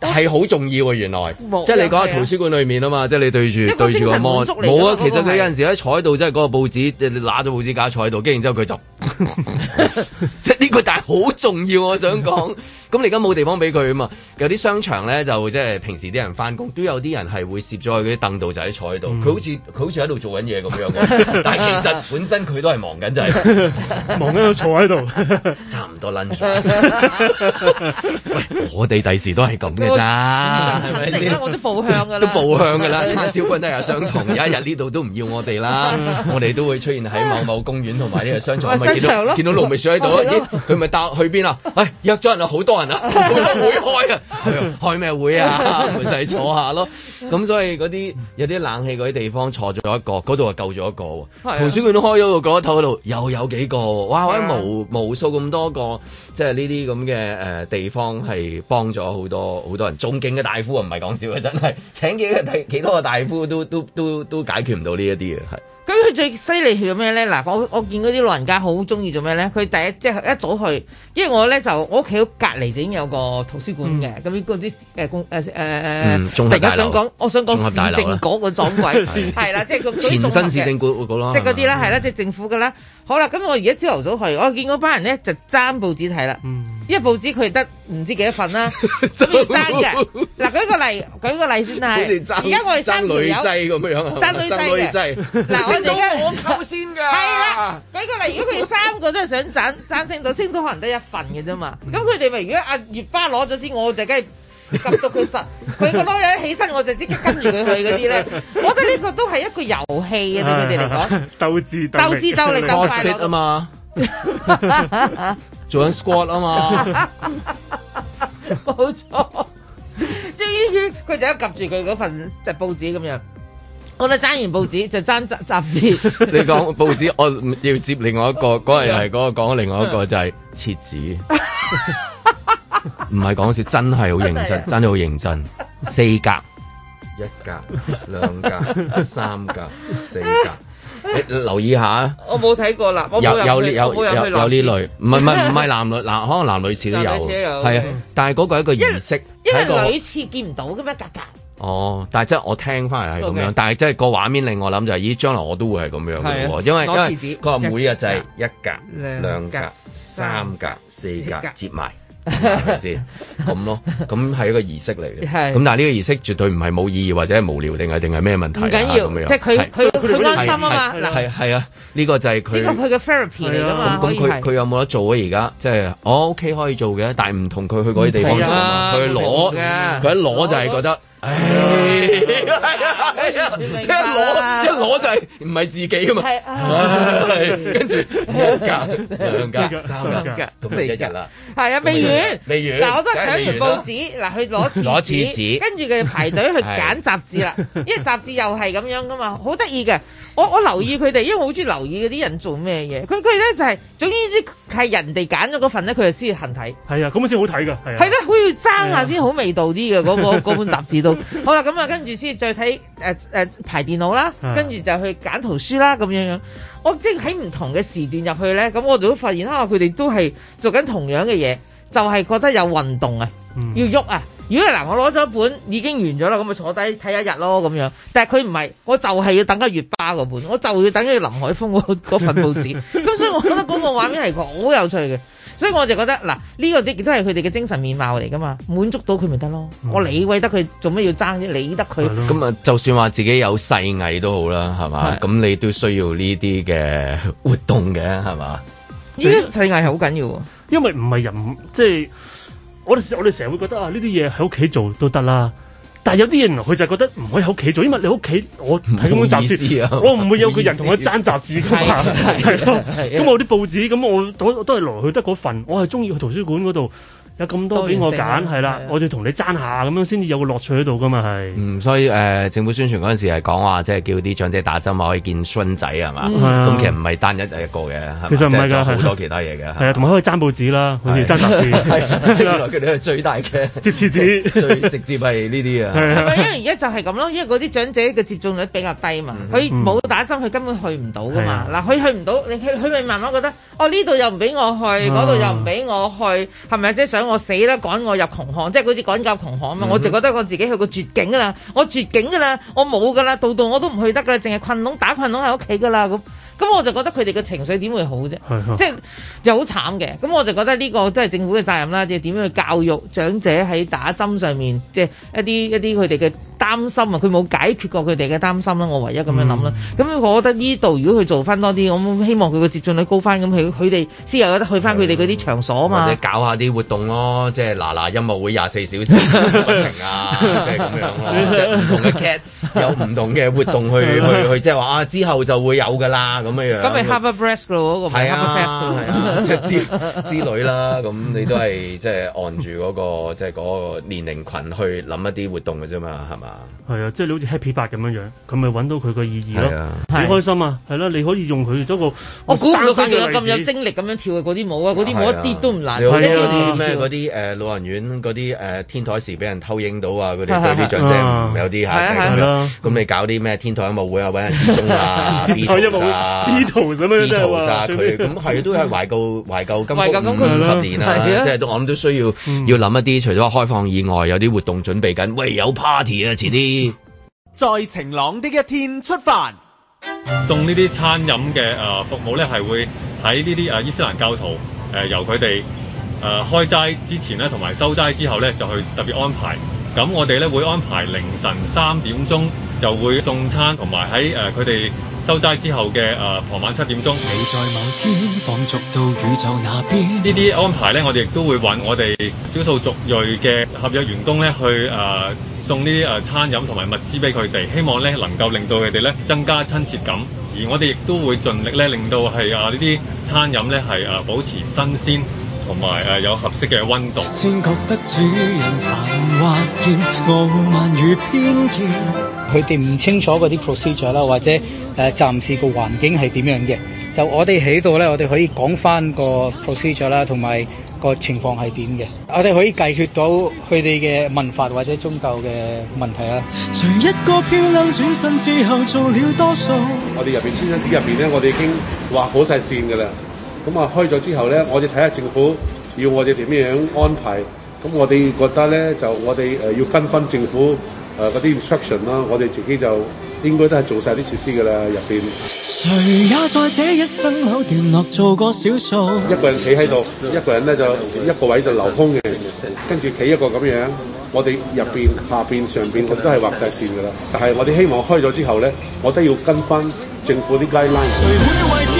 係好重要喎。原來即係你講喺圖書館裡面啊嘛，即係你對住對住個摸冇啊。其實佢有陣時喺坐喺度，即係嗰個報紙，你揦咗報紙架坐喺度，跟住之後佢就。即係呢個，但係好重要。我想講，咁你而家冇地方俾佢啊嘛？有啲商場咧，就即係平時啲人翻工，都有啲人係會攝咗喺啲凳度就喺坐喺度。佢好似佢好似喺度做緊嘢咁樣，但係其實本身佢都係忙緊，就係忙喺度坐喺度，差唔多 lunch。喂，我哋第時都係咁嘅咋？而家我都步向噶啦，都步向噶啦，差少分都有相同。有一日呢度都唔要我哋啦，我哋都會出現喺某某公園同埋呢個商場。見到龍眉鼠喺度， 咦？佢咪搭去邊啊？喂、哎，約咗人啊，好多人啊， 會開啊，啊開咩會啊？唔使坐下咯。咁所以嗰啲有啲冷氣嗰啲地方坐咗一個，嗰度就救咗一個。圖書館都開咗個嗰頭度，又有幾個。哇，哇無無數咁多個，即係呢啲咁嘅誒地方係幫咗好多好多人。仲勁嘅大夫啊，唔係講笑啊，真係請幾幾多個大夫都都都都,都解決唔到呢一啲嘅係。咁佢最犀利係做咩咧？嗱，我我見嗰啲老人家好中意做咩咧？佢第一即係、就是、一早去，因為我咧就我屋企隔離就已經有個圖書館嘅，咁嗰啲誒公誒誒誒，大家想講，我想講市政局個掌櫃，係啦，即係個前身市政局嗰個咯，即係嗰啲啦，係啦，即係、就是、政府嘅啦。好啦，咁我而家朝頭早去，我見嗰班人咧就爭報紙睇啦。嗯、因為報紙佢得唔知幾多份啦，所爭嘅。嗱、啊，舉個例，舉個例先係，而家我哋爭女仔咁樣啊，爭女仔。嗱，我升到我夠先噶。係啦，舉個例，如果佢哋三個都係想爭，爭升到升到可能得一份嘅啫嘛。咁佢哋咪如果阿月巴攞咗先，我哋梗係。及到佢實，佢嗰，多人起身，我就即刻跟住佢去嗰啲咧。我覺得呢個都係一個遊戲，對佢哋嚟講，鬥智鬥智鬥力鬥啊，啊，啊嘛，做緊 squat 啊嘛，冇錯。佢就一及住佢嗰份即係報紙咁樣，我哋爭完報紙就爭雜雜誌。 你講報紙，我要接另外一個，嗰、嗰個又係、嗰個講另外一個就係廁紙。 唔係講笑，真係好認真，真係好認真。四格，一格，兩格，三格，四格。你留意下。我冇睇過啦，有有有有有呢類，唔係唔係唔係男女嗱，可能男女廁都有，係啊。但係嗰個係一個儀式，因為女廁見唔到噶咩？格格哦，但係即係我聽翻嚟係咁樣，但係即係個畫面令我諗就係，咦，將來我都會係咁樣噶喎，因為佢佢每日就係一格兩兩格三格四格接埋。係咪先？咁咯，咁係一個儀式嚟嘅。係。咁但係呢個儀式絕對唔係冇意義或者係無聊定係定係咩問題？唔緊要，即係佢佢佢關心啊嘛。係係啊，呢個就係佢呢個佢嘅 therapy 嚟噶嘛。咁佢佢有冇得做啊？而家即係我 OK 可以做嘅，但係唔同佢去嗰啲地方佢去攞，佢一攞就係覺得。唉，係啊，係啊，即攞，即攞就係唔係自己嘛，係，跟住一格兩格，三格，咁四格啦，係啊，未完未完，嗱我都係搶完報紙，嗱去攞紙，攞紙，跟住佢排隊去揀雜誌啦，因為雜誌又係咁樣噶嘛，好得意嘅。我我留意佢哋，因為我好中意留意嗰啲人做咩嘢。佢佢咧就係、是，總之係人哋揀咗嗰份咧，佢就先要行睇。係啊，咁樣先好睇噶。係咧、啊，佢要爭下先好味道啲嘅嗰個本雜誌都 好啦。咁啊，跟住先再睇誒誒排電腦啦，跟住就去揀圖書啦，咁樣樣。我即係喺唔同嘅時段入去咧，咁我都發現啊，佢哋都係做緊同樣嘅嘢，就係、是、覺得有運動,動啊，要喐啊。如果嗱，我攞咗本已經完咗啦，咁咪坐低睇一日咯咁樣。但係佢唔係，我就係要等緊《月巴》嗰本，我就要等緊《林海峰》嗰份報紙。咁 所以，我覺得嗰個畫面係好有趣嘅。所以我就覺得嗱，呢、呢個亦都係佢哋嘅精神面貌嚟噶嘛，滿足到佢咪得咯。嗯、我理得佢做咩要爭啲？理得佢。咁啊、嗯，就算話自己有細藝都好啦，係嘛？咁是你都需要呢啲嘅活動嘅，係嘛？呢啲細藝係好緊要。因為唔係人，即係。我哋我哋成日會覺得啊呢啲嘢喺屋企做都得啦，但係有啲人佢就覺得唔可以喺屋企做，因為你屋企我睇咁本雜誌，啊、我唔會有個人同佢爭雜誌㗎嘛，係咯。 咁、嗯嗯、我啲報紙咁、嗯、我，我，我都都係來去得嗰份，我係中意去圖書館嗰度。有咁多俾我揀，係啦，我就同你爭下咁樣先至有個樂趣喺度噶嘛，係。所以誒，政府宣傳嗰陣時係講話，即係叫啲長者打針啊，可以見孫仔啊嘛。咁其實唔係單一一個嘅，其實唔係好多其他嘢嘅。係，同埋可以爭報紙啦，爭報紙，即係原來佢哋係最大嘅直接紙，最直接係呢啲啊。係啊，因為而家就係咁咯，因為嗰啲長者嘅接種率比較低嘛，佢冇打針，佢根本去唔到噶嘛。嗱，佢去唔到，你佢咪慢慢覺得，哦呢度又唔俾我去，嗰度又唔俾我去，係咪即係想？我死啦！趕我入窮巷，即係好似趕入窮巷咁啊！我就覺得我自己去個絕境噶啦，我絕境噶啦，我冇噶啦，到度我都唔去得噶啦，淨係困籠打困籠喺屋企噶啦咁。咁我就覺得佢哋嘅情緒點會好啫？ 即係就好慘嘅。咁我就覺得呢個都係政府嘅責任啦，即係點樣去教育長者喺打針上面，即係一啲一啲佢哋嘅擔心啊，佢冇解決過佢哋嘅擔心啦。我唯一咁樣諗啦。咁、嗯、我覺得呢度如果佢做翻多啲，我希望佢嘅接種率高翻，咁佢佢哋先有得去翻佢哋嗰啲場所啊嘛、嗯。或者搞下啲活動咯，即係嗱嗱音樂會廿四小時啊，即係咁、啊、 樣、啊、 即係唔同嘅劇。有唔同嘅活動去去 去，即係話啊，之後就會有噶啦咁樣 樣。咁咪 Harvest Fest 咯，嗰個 Harvest Fest 係啊，即係、啊、 之之類啦。咁 你都係即係按住嗰、那個即係嗰個年齡群去諗一啲活動嘅啫嘛，係嘛？係啊，即係你好似 Happy 八咁樣樣，佢咪揾到佢個意義咯，好開心啊！係啦，你可以用佢嗰個，我估唔到佢仲有咁有精力咁樣跳嘅嗰啲舞啊，嗰啲舞一啲都唔難跳。有啲嗰啲咩嗰啲誒老人院嗰啲誒天台時俾人偷影到啊，佢哋對啲相即係唔有啲瑕疵，咁你搞啲咩天台音樂會啊，揾人接觸啊，B 圖啊，B 圖咁樣，即係話，B 圖啊，佢咁係都係懷舊懷舊今個五十年啦，即係我諗都需要要諗一啲除咗開放以外有啲活動準備緊，喂有 party 啊，遲啲。在晴朗的一天出發，送呢啲餐飲嘅誒服務咧，係會喺呢啲誒伊斯蘭教徒誒、呃，由佢哋誒開齋之前咧，同埋收齋之後咧，就去特別安排。咁我哋咧會安排凌晨三點鐘就會送餐，同埋喺誒佢哋收齋之後嘅誒、呃、傍晚七點鐘。你在某天放逐到宇宙那邊？呢啲安排咧，我哋亦都會搵我哋少數族裔嘅合約員工咧去誒、呃、送呢啲誒餐飲同埋物資俾佢哋，希望咧能夠令到佢哋咧增加親切感。而我哋亦都會盡力咧令到係啊、呃、呢啲餐飲咧係誒保持新鮮。同埋誒有合適嘅溫度。先覺得主人繁傲慢與偏見佢哋唔清楚嗰啲 procedure 啦，或者誒、呃、暫時個環境係點樣嘅，就我哋喺度咧，我哋可以講翻個 procedure 啦，同埋個情況係點嘅。我哋可以解決到佢哋嘅文法或者宗教嘅問題啦。隨一個漂亮轉身之後做了多數。我哋入邊簽證紙入邊咧，我哋已經畫好晒線噶啦。咁啊，開咗之後咧，我哋睇下政府要我哋點樣安排。咁我哋覺得咧，就我哋誒、呃、要跟翻政府誒嗰啲 instruction 啦。呃、我哋自己就應該都係做晒啲設施噶啦，入邊，誰也在這一生口段落做過少數一個人企喺度，一個人咧就一個位就留空嘅，跟住企一個咁樣，我哋入邊下邊上邊，我都係劃晒線噶啦。但係我哋希望開咗之後咧，我都要跟翻政府啲 line line。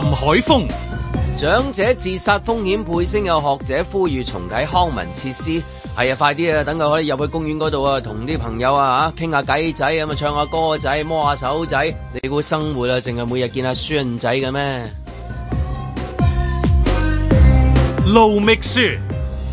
林海峰，長者自殺風險倍升，有學者呼籲重啓康文設施。係、哎、啊，快啲啊，等佢可以入去公園嗰度啊，同啲朋友啊嚇傾下偈仔，咁啊唱下歌仔，摸下手仔。你估生活啊，淨係每日見下孫仔嘅咩？盧覓雪。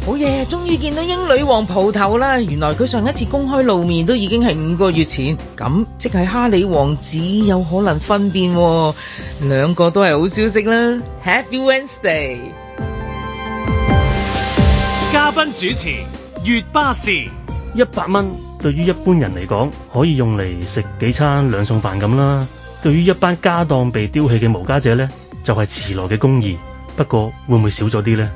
好嘢，oh、yeah, 終於見到英女王蒲頭啦！原來佢上一次公開露面都已經係五個月前，咁即係哈里王子有可能分辨。啊，兩個都係好消息啦！Happy Wednesday！嘉賓主持：月巴士一百蚊對於一般人嚟講，可以用嚟食幾餐兩餸飯咁啦。對於一班家當被丟棄嘅無家者呢，就係、是、遲來嘅公義。不過會唔會少咗啲呢？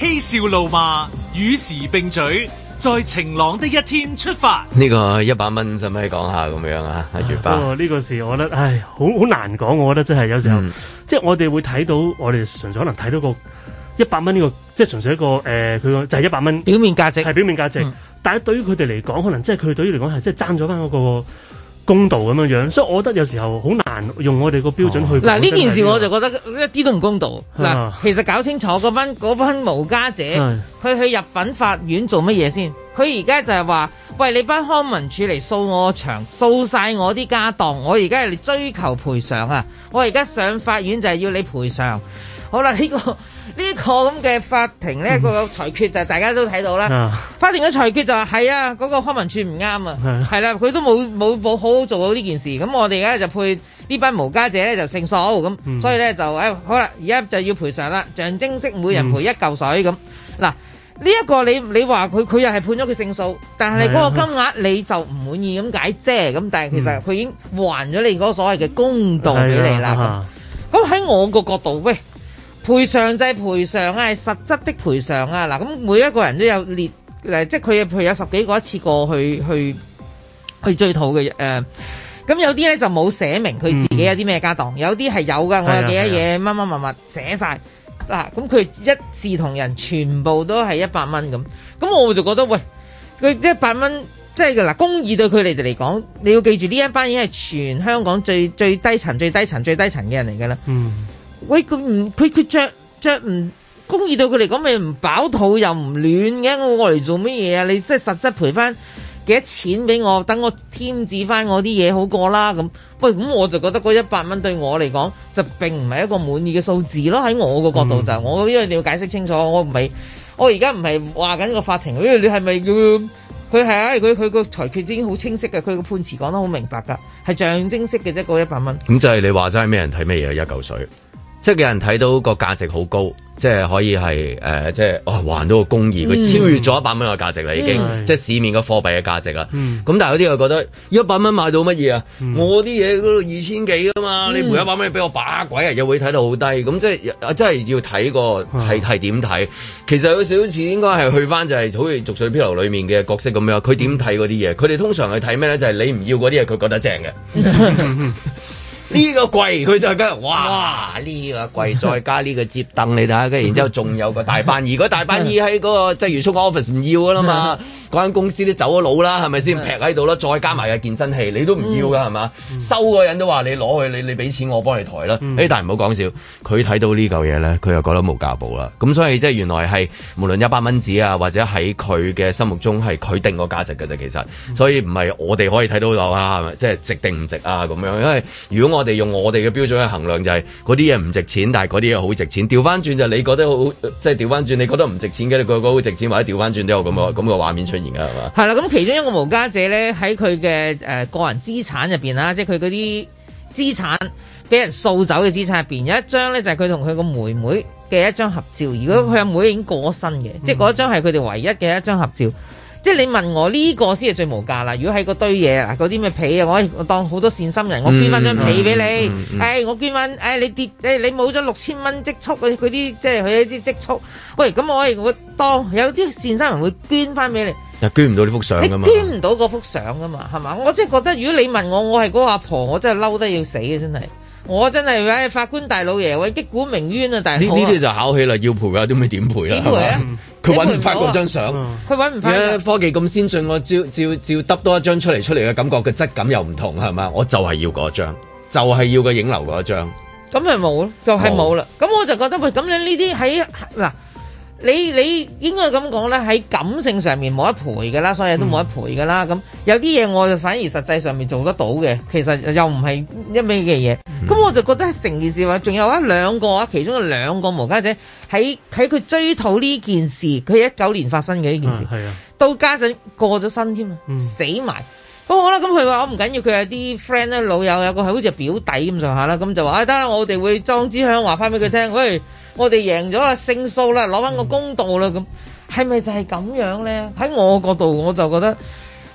嬉笑怒罵與時並嘴，在晴朗的一天出發。呢個要要一百蚊，使唔使講下咁樣啊？阿月爸，呢、這個事我覺得唉，好好難講。我覺得真係有時候，嗯、即係我哋會睇到，我哋純粹可能睇到個一百蚊呢個，即係純粹一個誒，佢、呃、就係一百蚊表面價值，係表面價值。嗯、但係對於佢哋嚟講，可能即係佢哋對於嚟講係，即係爭咗返嗰個。公道咁樣樣，所以我覺得有時候好難用我哋個標準去。嗱、啊，呢件事，我就覺得一啲都唔公道。嗱、啊啊，其實搞清楚嗰班嗰班無家者，佢、啊、去入稟法院做乜嘢先？佢而家就係話，喂，你班康文署嚟掃我個場，掃晒我啲家當，我而家嚟追求賠償啊！我而家上法院就係要你賠償。好啦，呢、這個。呢個咁嘅法庭咧，個裁決就大家都睇到啦。嗯、法庭嘅裁決就係、是，係啊，嗰、那個康文署唔啱啊，係啦、啊，佢、啊、都冇冇冇好好做到呢件事。咁我哋而家就判呢班無家者咧就勝訴，咁、嗯、所以咧就誒、哎、好啦，而家就要賠償啦，象徵式每人賠一嚿水咁。嗱、嗯，呢一、這個你你話佢佢又係判咗佢勝訴，但係你嗰個金額你就唔滿意咁解啫。咁但係其實佢已經還咗你嗰個所謂嘅公道俾你啦。咁，咁喺我個角度，喂、哎。賠償就係賠償啊，賠償賠償係實質的賠償啊，嗱，咁每一個人都有列，誒，即係佢佢有十幾個一次過去去去追討嘅，誒、呃，咁有啲咧就冇寫明佢自己有啲咩家當，嗯、有啲係有噶，的我有幾多嘢乜乜物物寫晒，嗱，咁佢、啊、一視同仁，全部都係一百蚊咁，咁我就覺得喂，佢一百蚊，即係嗱，公義對佢哋嚟講，你要記住呢一班已經係全香港最最低層、最低層、最低層嘅人嚟噶啦，嗯。喂，佢唔，佢佢着着唔，公義對佢嚟講咪唔飽肚又唔暖嘅，我嚟做乜嘢啊？你即係實質賠翻幾多錢俾我，等我添置翻我啲嘢好過啦。咁、嗯，喂，咁我就覺得嗰一百蚊對我嚟講就並唔係一個滿意嘅數字咯。喺我個角度就，嗯、我因為你要解釋清楚，我唔係，我而家唔係話緊個法庭，因、哎、為你係咪佢係啊？佢佢個裁決已經好清晰嘅，佢個判詞講得好明白噶，係象徵式嘅啫。嗰、嗯啊、一百蚊。咁就係你話齋咩人睇咩嘢一嚿水，水。即係有人睇到個價值好高，即係可以係誒、呃，即係哇、哦，還到個公義，佢超越咗一百蚊嘅價值啦，已經，是是即係市面嘅貨幣嘅價值啦。咁、嗯、但係有啲又覺得一百蚊買到乜嘢啊？嗯、我啲嘢都二千幾啊嘛，嗯、你換一百蚊你俾我把鬼啊！又會睇到好低，咁即係、啊、真係要睇個係睇點睇。其實有少少似應該係去返就係好似《濁水漂流》裏面嘅角色咁樣，佢點睇嗰啲嘢？佢哋通常係睇咩咧？就係、是、你唔要嗰啲嘢，佢覺得正嘅。 呢個櫃佢就梗係哇呢、這個櫃再加呢個摺凳你睇，下， 跟然之後仲有個大班椅。如果大班、那個，椅喺嗰個即係預充 office 唔要噶啦嘛，嗰間 公司都走咗佬啦，係咪先？劈喺度啦，再加埋個健身器，你都唔要噶係嘛？嗯嗯、收嗰人都話你攞去，你你俾錢我幫你抬啦。嗯、但但唔好講笑，佢睇到呢嚿嘢咧，佢又覺得冇價寶啦。咁所以即係原來係無論一百蚊紙啊，或者喺佢嘅心目中係佢定個價值嘅啫，其實，所以唔係我哋可以睇到到啊，係咪？即係值定唔值啊咁樣。因為如果我我哋用我哋嘅標準去衡量，就係，就係嗰啲嘢唔值錢，但係嗰啲嘢好值錢。調翻轉就係，你覺得好，即係調翻轉你覺得唔值錢嘅，你覺得好值錢，或者調翻轉都有咁嘅咁個，嗯、畫面出現㗎係嘛？係啦，咁其中一個無家者咧，喺佢嘅誒個人資產入邊啦，即係佢嗰啲資產俾人掃走嘅資產入邊有一張咧就係佢同佢個妹妹嘅一張合照。如果佢阿妹，妹已經過咗身嘅，嗯、即係嗰張係佢哋唯一嘅一張合照。即係你問我呢、呢個先係最無價啦！如果喺個堆嘢嗱，嗰啲咩被，啊，我我當好多善心人，嗯、我捐翻張被俾你。誒、嗯嗯嗯哎，我捐翻誒、哎、你跌你冇咗六千蚊積蓄嗰啲，即係佢啲積蓄。喂，咁我可以當有啲善心人會捐翻俾你。就捐唔到呢幅相噶嘛？你捐唔到嗰幅相噶嘛？係嘛？我真係覺得，如果你問我，我係嗰個阿婆，我真係嬲得要死嘅，真係。我真係，唉、哎！法官大老爺，我、哎、擊鼓鳴冤啊！但係呢啲就考起啦，要賠噶，啲咪點賠啦？點賠啊？佢揾唔返嗰張相，佢揾唔返。科技咁先進，我照照照得多一張出嚟出嚟嘅感覺，嘅質感又唔同，係嘛？我就係要嗰張，就係、是、要個影樓嗰一張，咁咪冇咯，就係冇啦。咁、嗯、我就覺得喂，咁樣呢啲喺嗱。你你應該咁講咧，喺感性上面冇得賠嘅啦，所以都冇得賠嘅啦。咁、嗯、有啲嘢我就反而實際上面做得到嘅，其實又唔係一味嘅嘢。咁、嗯、我就覺得係成件事話，仲有一兩個啊，其中有兩個無家姐喺喺佢追討呢件事，佢一九年發生嘅呢件事，到家陣過咗身添啊，啊死埋咁、嗯、好啦。咁佢話我唔緊要，佢有啲 friend 咧老友有個係好似表弟咁上下啦，咁就話啊得啦，我哋會裝支香話翻俾佢聽，嗯、喂。我哋贏咗啦，勝訴啦，攞翻個公道啦，咁係咪就係咁樣咧？喺我個角度我就覺得，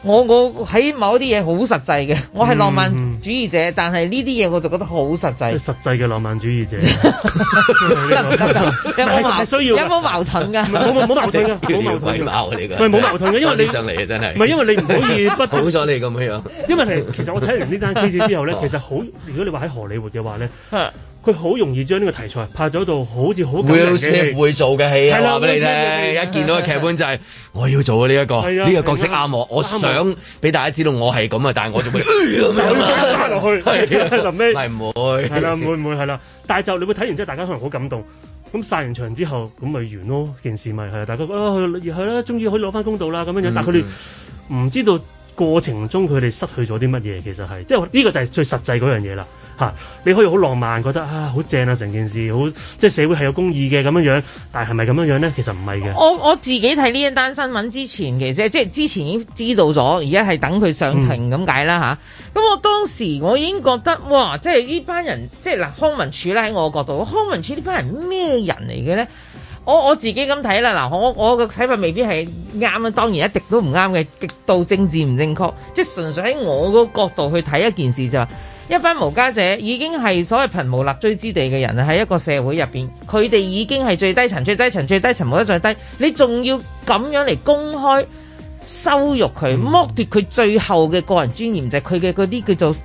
我我喺某一啲嘢好實際嘅，我係浪漫主義者，但係呢啲嘢我就覺得好實際。實際嘅浪漫主義者，得需要。有冇矛盾噶？冇冇矛盾噶？冇矛盾嘅。唔係冇矛盾嘅，因為你唔可以不保咗你咁樣。因為其實我睇完呢單 case 之後咧，其實好。如果你話喺荷里活嘅話咧。佢好容易將呢個題材拍咗到好似好會做嘅戲，係啦，話俾你聽。一見到個劇本就係我要做呢一個呢個角色啱，我我想俾大家知道我係咁啊！但係我仲會咁啊！落去係臨唔會係啦，唔會係啦。但係就你會睇完之後，大家可能好感動。咁曬完場之後，咁咪完咯。件事咪係大家啊，佢係啦，終於可以攞翻公道啦咁樣樣。但係佢哋唔知道過程中佢哋失去咗啲乜嘢，其實係即係呢個就係最實際嗰樣嘢啦。嚇、啊！你可以好浪漫，覺得啊好正啊，成件事好即係社會係有公義嘅咁樣樣，但係係咪咁樣樣咧？其實唔係嘅。我我自己睇呢單新聞之前，其實即係之前已經知道咗，而家係等佢上庭咁、嗯、解啦吓，咁、啊、我當時我已經覺得哇，即係呢班人即係嗱康文署咧喺我角度，康文署呢班人咩人嚟嘅咧？我我自己咁睇啦嗱，我我嘅睇法未必係啱啊，當然一滴都唔啱嘅，極度政治唔正確，即係純粹喺我個角度去睇一件事就。一班無家者已經係所謂貧無立錐之地嘅人啊！喺一個社會入邊，佢哋已經係最低層、最低層、最低層，冇得再低。你仲要咁樣嚟公開羞辱佢，剝奪佢最後嘅個人尊嚴，嗯、就係佢嘅嗰啲叫做誒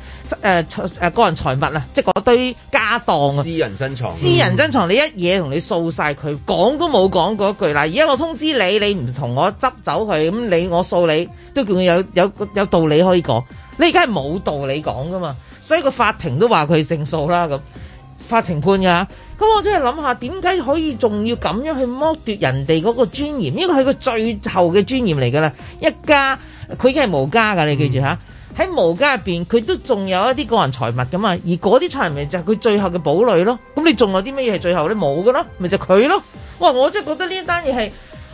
誒、呃、個人財物啊，即係嗰堆家當啊，私人珍藏。私人珍藏，嗯、你一嘢同你掃晒佢，講都冇講過一句啦。而家我通知你，你唔同我執走佢，咁你我掃你都叫佢有有有道理可以講。你而家係冇道理講噶嘛？所以個法庭都話佢勝訴啦咁，法庭判噶。咁我真係諗下，點解可以仲要咁樣去剝奪人哋嗰個尊嚴？呢個係個最後嘅尊嚴嚟噶啦，一家佢已經係無家噶，你記住吓。喺無家入邊，佢都仲有一啲個人財物噶嘛，而嗰啲財物咪就係佢最後嘅堡壘咯。咁你仲有啲乜嘢係最後咧？冇噶咯，咪就佢咯。哇！我真係覺得呢一單嘢係。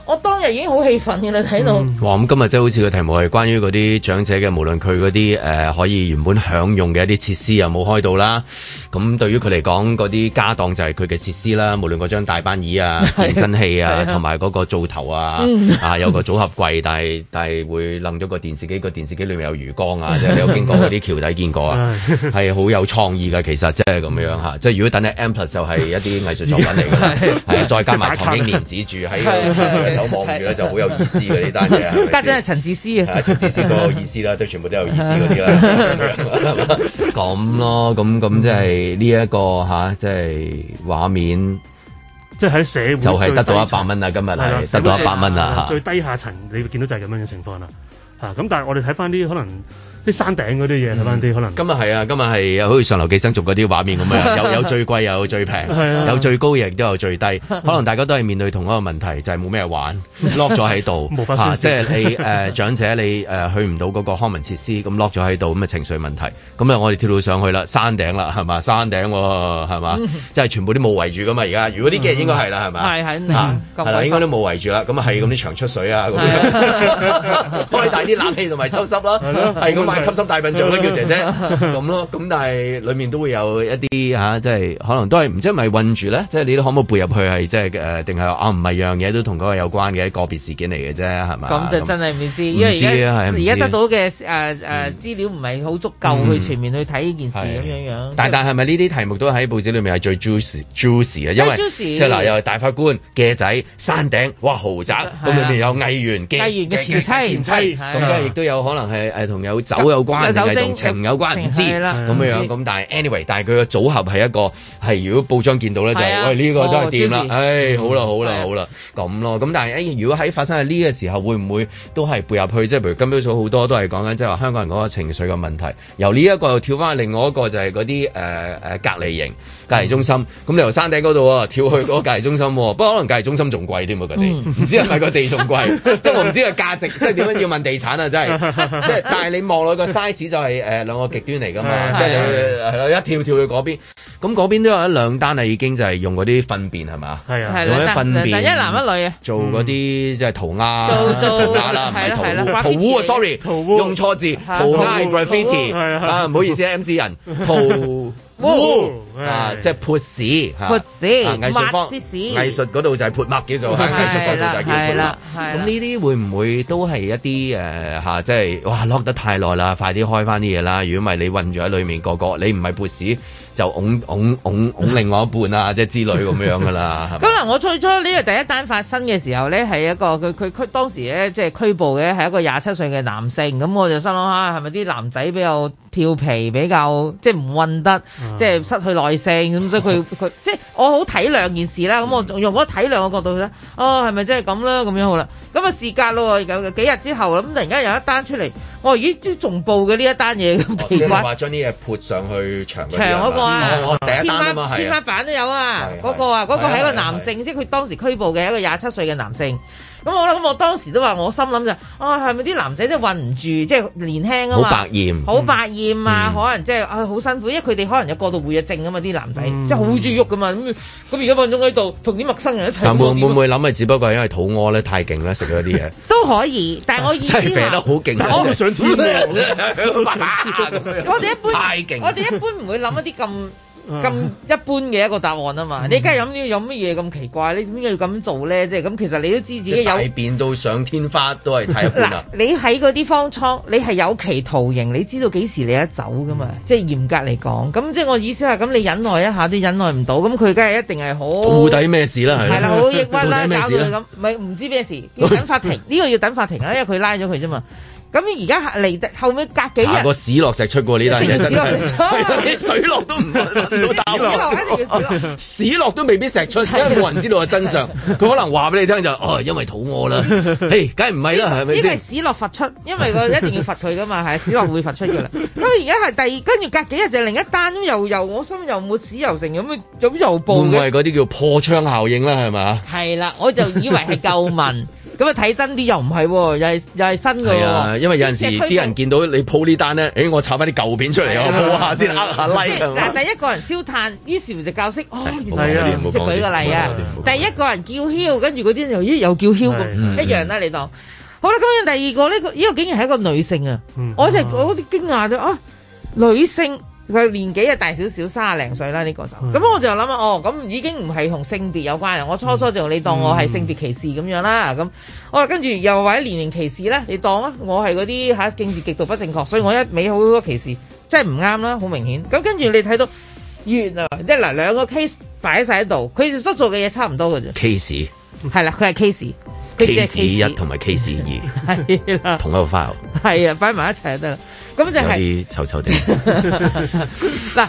我當日已經好氣憤嘅啦，睇到、嗯。哇！咁今日即係好似個題目係關於嗰啲長者嘅，無論佢嗰啲誒可以原本享用嘅一啲設施有冇開到啦。咁、嗯、對於佢嚟講，嗰啲家當就係佢嘅設施啦。無論嗰張大班椅啊、健身器啊，同埋嗰個灶頭啊， 啊有個組合櫃，但係但係會冧咗個電視機。個電視機裏面有魚缸啊，即係你有經過嗰啲橋底見過啊，係好 有創意嘅。其實即係咁樣吓，即係如果等你 M plus 就係一啲藝術作品嚟㗎係再加埋唐英年指住喺個、 哎哎、手望住咧 就好有意思嘅呢單嘢。是是家姐係陳志思啊，陳志思個意思啦，都全部都有意思嗰啲啦。咁 咯，咁咁即係。呢一個吓、啊，即係畫面，即係喺社會就係得到一百蚊啊！今日係得到一百蚊啊！吓，最低下層你見到就係咁樣嘅情況啦，吓咁、啊、但係我哋睇翻啲可能。啲山頂嗰啲嘢，可能。今日係啊，今日係好似《上流寄生族》嗰啲畫面咁樣，有有最貴，有最平，有最高，亦都有最低。可能大家都係面對同一個問題，就係冇咩玩，落咗喺度。即係你誒長者，你誒去唔到嗰個康文設施，咁落咗喺度，咁啊情緒問題。咁啊，我哋跳到上去啦，山頂啦，係嘛？山頂喎，係嘛？即係全部都冇圍住噶嘛？而家如果啲嘅應該係啦，係咪？係係，係應該都冇圍住啦。咁啊，係咁啲牆出水啊，開大啲冷氣同埋抽濕啦，係快吸濕大笨象啦，叫姐姐咁咯。咁但係裡面都會有一啲嚇，即係可能都係唔知係咪混住咧。即係你都可唔可以背入去係即係嘅？定係啊，唔係樣嘢都同嗰個有關嘅，個別事件嚟嘅啫，係嘛？咁就真係唔知，因為而家得到嘅誒誒資料唔係好足夠去全面去睇呢件事咁樣樣。但但係咪呢啲題目都喺報紙裡面係最 juicy juicy 啊？因為即係嗱，又係大法官嘅仔，山頂哇豪宅，咁裏面有藝員、藝員嘅前妻，前妻咁，亦都有可能係誒同有好有關就係同情有關，唔知咁樣咁。但係 anyway，但係佢個組合係一個係。如果報章見到咧，就喂呢個都係掂啦。唉，好啦，好啦，好啦，咁咯。咁但係，如果喺發生喺呢個時候，會唔會都係背入去？即係譬如金標數好多都係講緊，即係話香港人嗰個情緒嘅問題。由呢一個又跳翻去另外一個，就係嗰啲誒誒隔離營、隔離中心。咁你由山頂嗰度啊跳去嗰隔離中心，不過可能隔離中心仲貴添嘛，佢哋，唔知係咪個地仲貴？即係我唔知個價值，即係點樣要問地產啊？真係，即係但係你望。佢個 size 就係誒兩個極端嚟㗎嘛，即係係咯一跳跳去嗰邊，咁嗰邊都有一兩單啊，已經就係用嗰啲糞便係咪？係啊嗰啲糞便一男一女啊，做嗰啲即係塗鴉、塗鴉啦，係啦係啦，塗污啊，sorry，用錯字，塗鴉係 graffiti，啊唔好意思啊，MC 人塗。啊，即係潑屎，潑屎，藝術方，藝術嗰度就係潑墨叫做，藝術方就係叫潑墨。咁呢啲會唔會都係一啲誒吓？即係哇，lock 得太耐啦，快啲開翻啲嘢啦！如果唔係你困住喺裏面個個，你唔係潑屎。就拱拱拱拱另外一半啊，即係之類咁樣嘅啦。咁嗱 吧，我最初呢個第一單發生嘅時候咧，係一個佢佢佢當時咧即係拘捕嘅，係一個廿七歲嘅男性。咁我就心想諗下，係咪啲男仔比較跳皮，比較即係唔韞得，即係失去耐性咁、嗯嗯？即係佢佢即係我好體諒件事啦。咁我用用咗體諒嘅角度咧，哦、嗯，係咪即係咁啦？咁樣好啦。咁啊，是是事隔咯，有幾日之後咁，突然間有一單出嚟。哦，咦，即仲報嘅呢一單嘢，哦、奇怪！即係話將啲嘢潑上去牆嗰個啊，第一單啊、哦、天花馬板都有啊，嗰的個啊，嗰的個係、啊、的一個男性，即係佢當時拘捕嘅一個廿七歲嘅男性。咁好啦，咁我當時都話，我心諗就啊，係咪啲男仔即係韞唔住，即係年輕啊嘛，好百厭，好百厭啊，可能即係好辛苦，因為佢哋可能有過度活躍症啊嘛，啲男仔即係好中意喐噶嘛，咁咁而家放咗喺度，同啲陌生人一齊，會唔會會唔會諗？咪只不過係因為肚屙咧太勁咧，食咗啲嘢都可以，但係我意思話，肥得好勁，我上天啦，我哋一般我哋一般唔會諗一啲咁。咁一般嘅一個答案啊嘛，嗯、你而家有啲有乜嘢咁奇怪，你點解要咁做咧？即係咁，其實你都知自己有變到上天花都係睇嗱， 你喺嗰啲方艙，你係有期徒刑，你知道幾時你一走噶嘛？嗯、即係嚴格嚟講，咁即係我意思係咁，你忍耐一下都忍耐唔到，咁佢梗係一定係好到底咩事啦？係啦，好抑鬱啦，到搞到佢咁，咪唔知咩事，要等法庭呢 個要等法庭啦，因為佢拉咗佢啫嘛。 咁而家嚟，後尾隔幾日個屎落石出，過呢單嘢真係，水落都唔穩，屎落一定要屎落，屎落都未必石出，因為冇人知道個真相，佢可能話俾你聽就哦，因為肚餓啦，誒，梗係唔係啦，係咪呢個係屎落佛出，因為佢一定要罰佢噶嘛，係屎落會罰出噶啦。咁而家係第二，跟住隔幾日就另一單，又又我心又冇屎又成咁，咁又報嘅，會唔會嗰啲叫破窗效應啦？係嘛？係啦，我就以為係舊聞。咁啊睇真啲又唔係，又係又係新嘅喎。因為有陣時啲人見到你鋪呢單咧，誒我炒翻啲舊片出嚟，我鋪下先，呃下 like。即係第一個人燒炭，於是乎就教識哦，原來即係舉個例啊。第一個人叫囂，跟住嗰啲又一又叫囂咁，一樣啦你當。好啦，今日第二個呢個呢個竟然係一個女性啊，我就係我有啲驚訝啫啊，女性。佢年紀又大少少，三十零歲啦，呢、這個就咁、嗯嗯。我就諗下哦，咁、嗯、已經唔係同性別有關啊。我初初就你當我係性別歧視咁樣啦。咁我跟住又或者年齡歧視咧，你當啊，我係嗰啲嚇，政治極度不正確，所以我一美好好多歧視，真係唔啱啦，好明顯。咁跟住你睇到完啊，一嗱兩個 case 擺晒喺度，佢所做嘅嘢差唔多嘅啫。子 case 係啦，佢係 case，case 一同埋 case 二係同一個 file 係啊，擺埋一齊就得啦。咁就係有啲臭臭哋，嗱。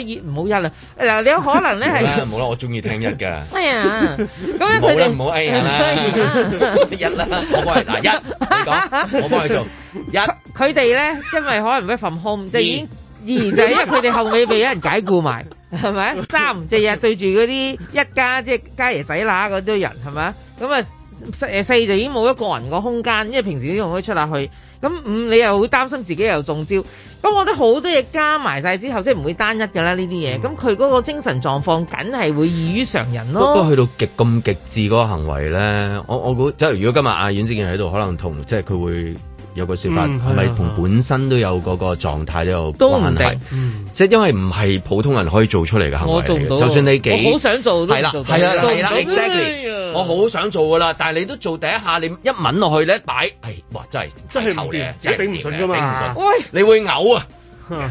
唔好一啦，嗱，有可能咧係，冇啦，我中意聽一噶。哎呀，咁佢哋唔好 A 啦，一啦，我幫你打一，你講，我幫你做。一，佢哋咧，因為可能 from home，就已經二就係因為佢哋後尾被有人解雇埋，係咪？三就日對住嗰啲一家即係家爺仔乸嗰堆人，係咪啊？咁啊，四就已經冇一個人個空間，因為平時都同佢出下去。咁五、嗯、你又會擔心自己又中招，咁我覺得好多嘢加埋晒之後，即係唔會單一㗎啦呢啲嘢。咁佢嗰個精神狀況梗係會異於常人咯。不過去到極咁極致嗰個行為咧，我我估即係如果今日阿阮志健喺度，可能同即係佢會。有個說法係咪同本身都有嗰個狀態都有關係？即係因為唔係普通人可以做出嚟嘅行為。就算你幾好，我好想做係啦，係啦，係啦。Exactly，我好想做噶啦，但係你都做第一下，你一聞落去咧擺，哎，哇！真係真係唔掂嘅，頂唔順㗎嘛。喂，你會嘔啊？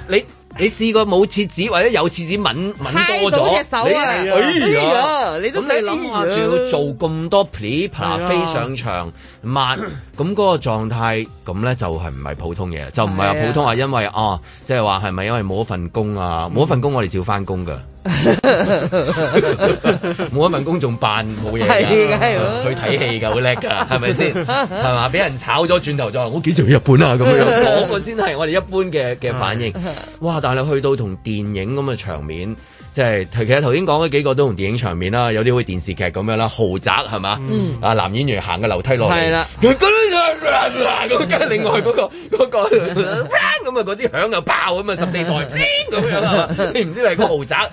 你。你試過冇廁紙或者有廁紙揾揾多咗，手啊、你哎呀，你都咁你諗下，仲、呃呃、要做咁多 plea，飛上場，掹咁嗰個狀態，咁呢，就係唔係普通嘢對、啊啊，就唔係話普通話，因為啊，即係話係咪因為冇一份工啊？冇對、啊、一份工我，我哋照翻工㗎。冇 一份工仲扮冇嘢噶，的去睇戲噶好叻噶，係咪先？係嘛？俾 人炒咗，轉頭就話我幾時去日本啊？咁樣樣，嗰個先係我哋一般嘅嘅反應。 哇！但係去到同電影咁嘅場面。即係其實頭先講嗰幾個都同電影場面啦，有啲好似電視劇咁樣啦，豪宅係嘛？啊男演員行個樓梯落嚟，係啦，哇！咁跟另外嗰個嗰個咁啊，嗰啲響又爆咁啊，十四台咁樣係嘛？你唔知係個豪宅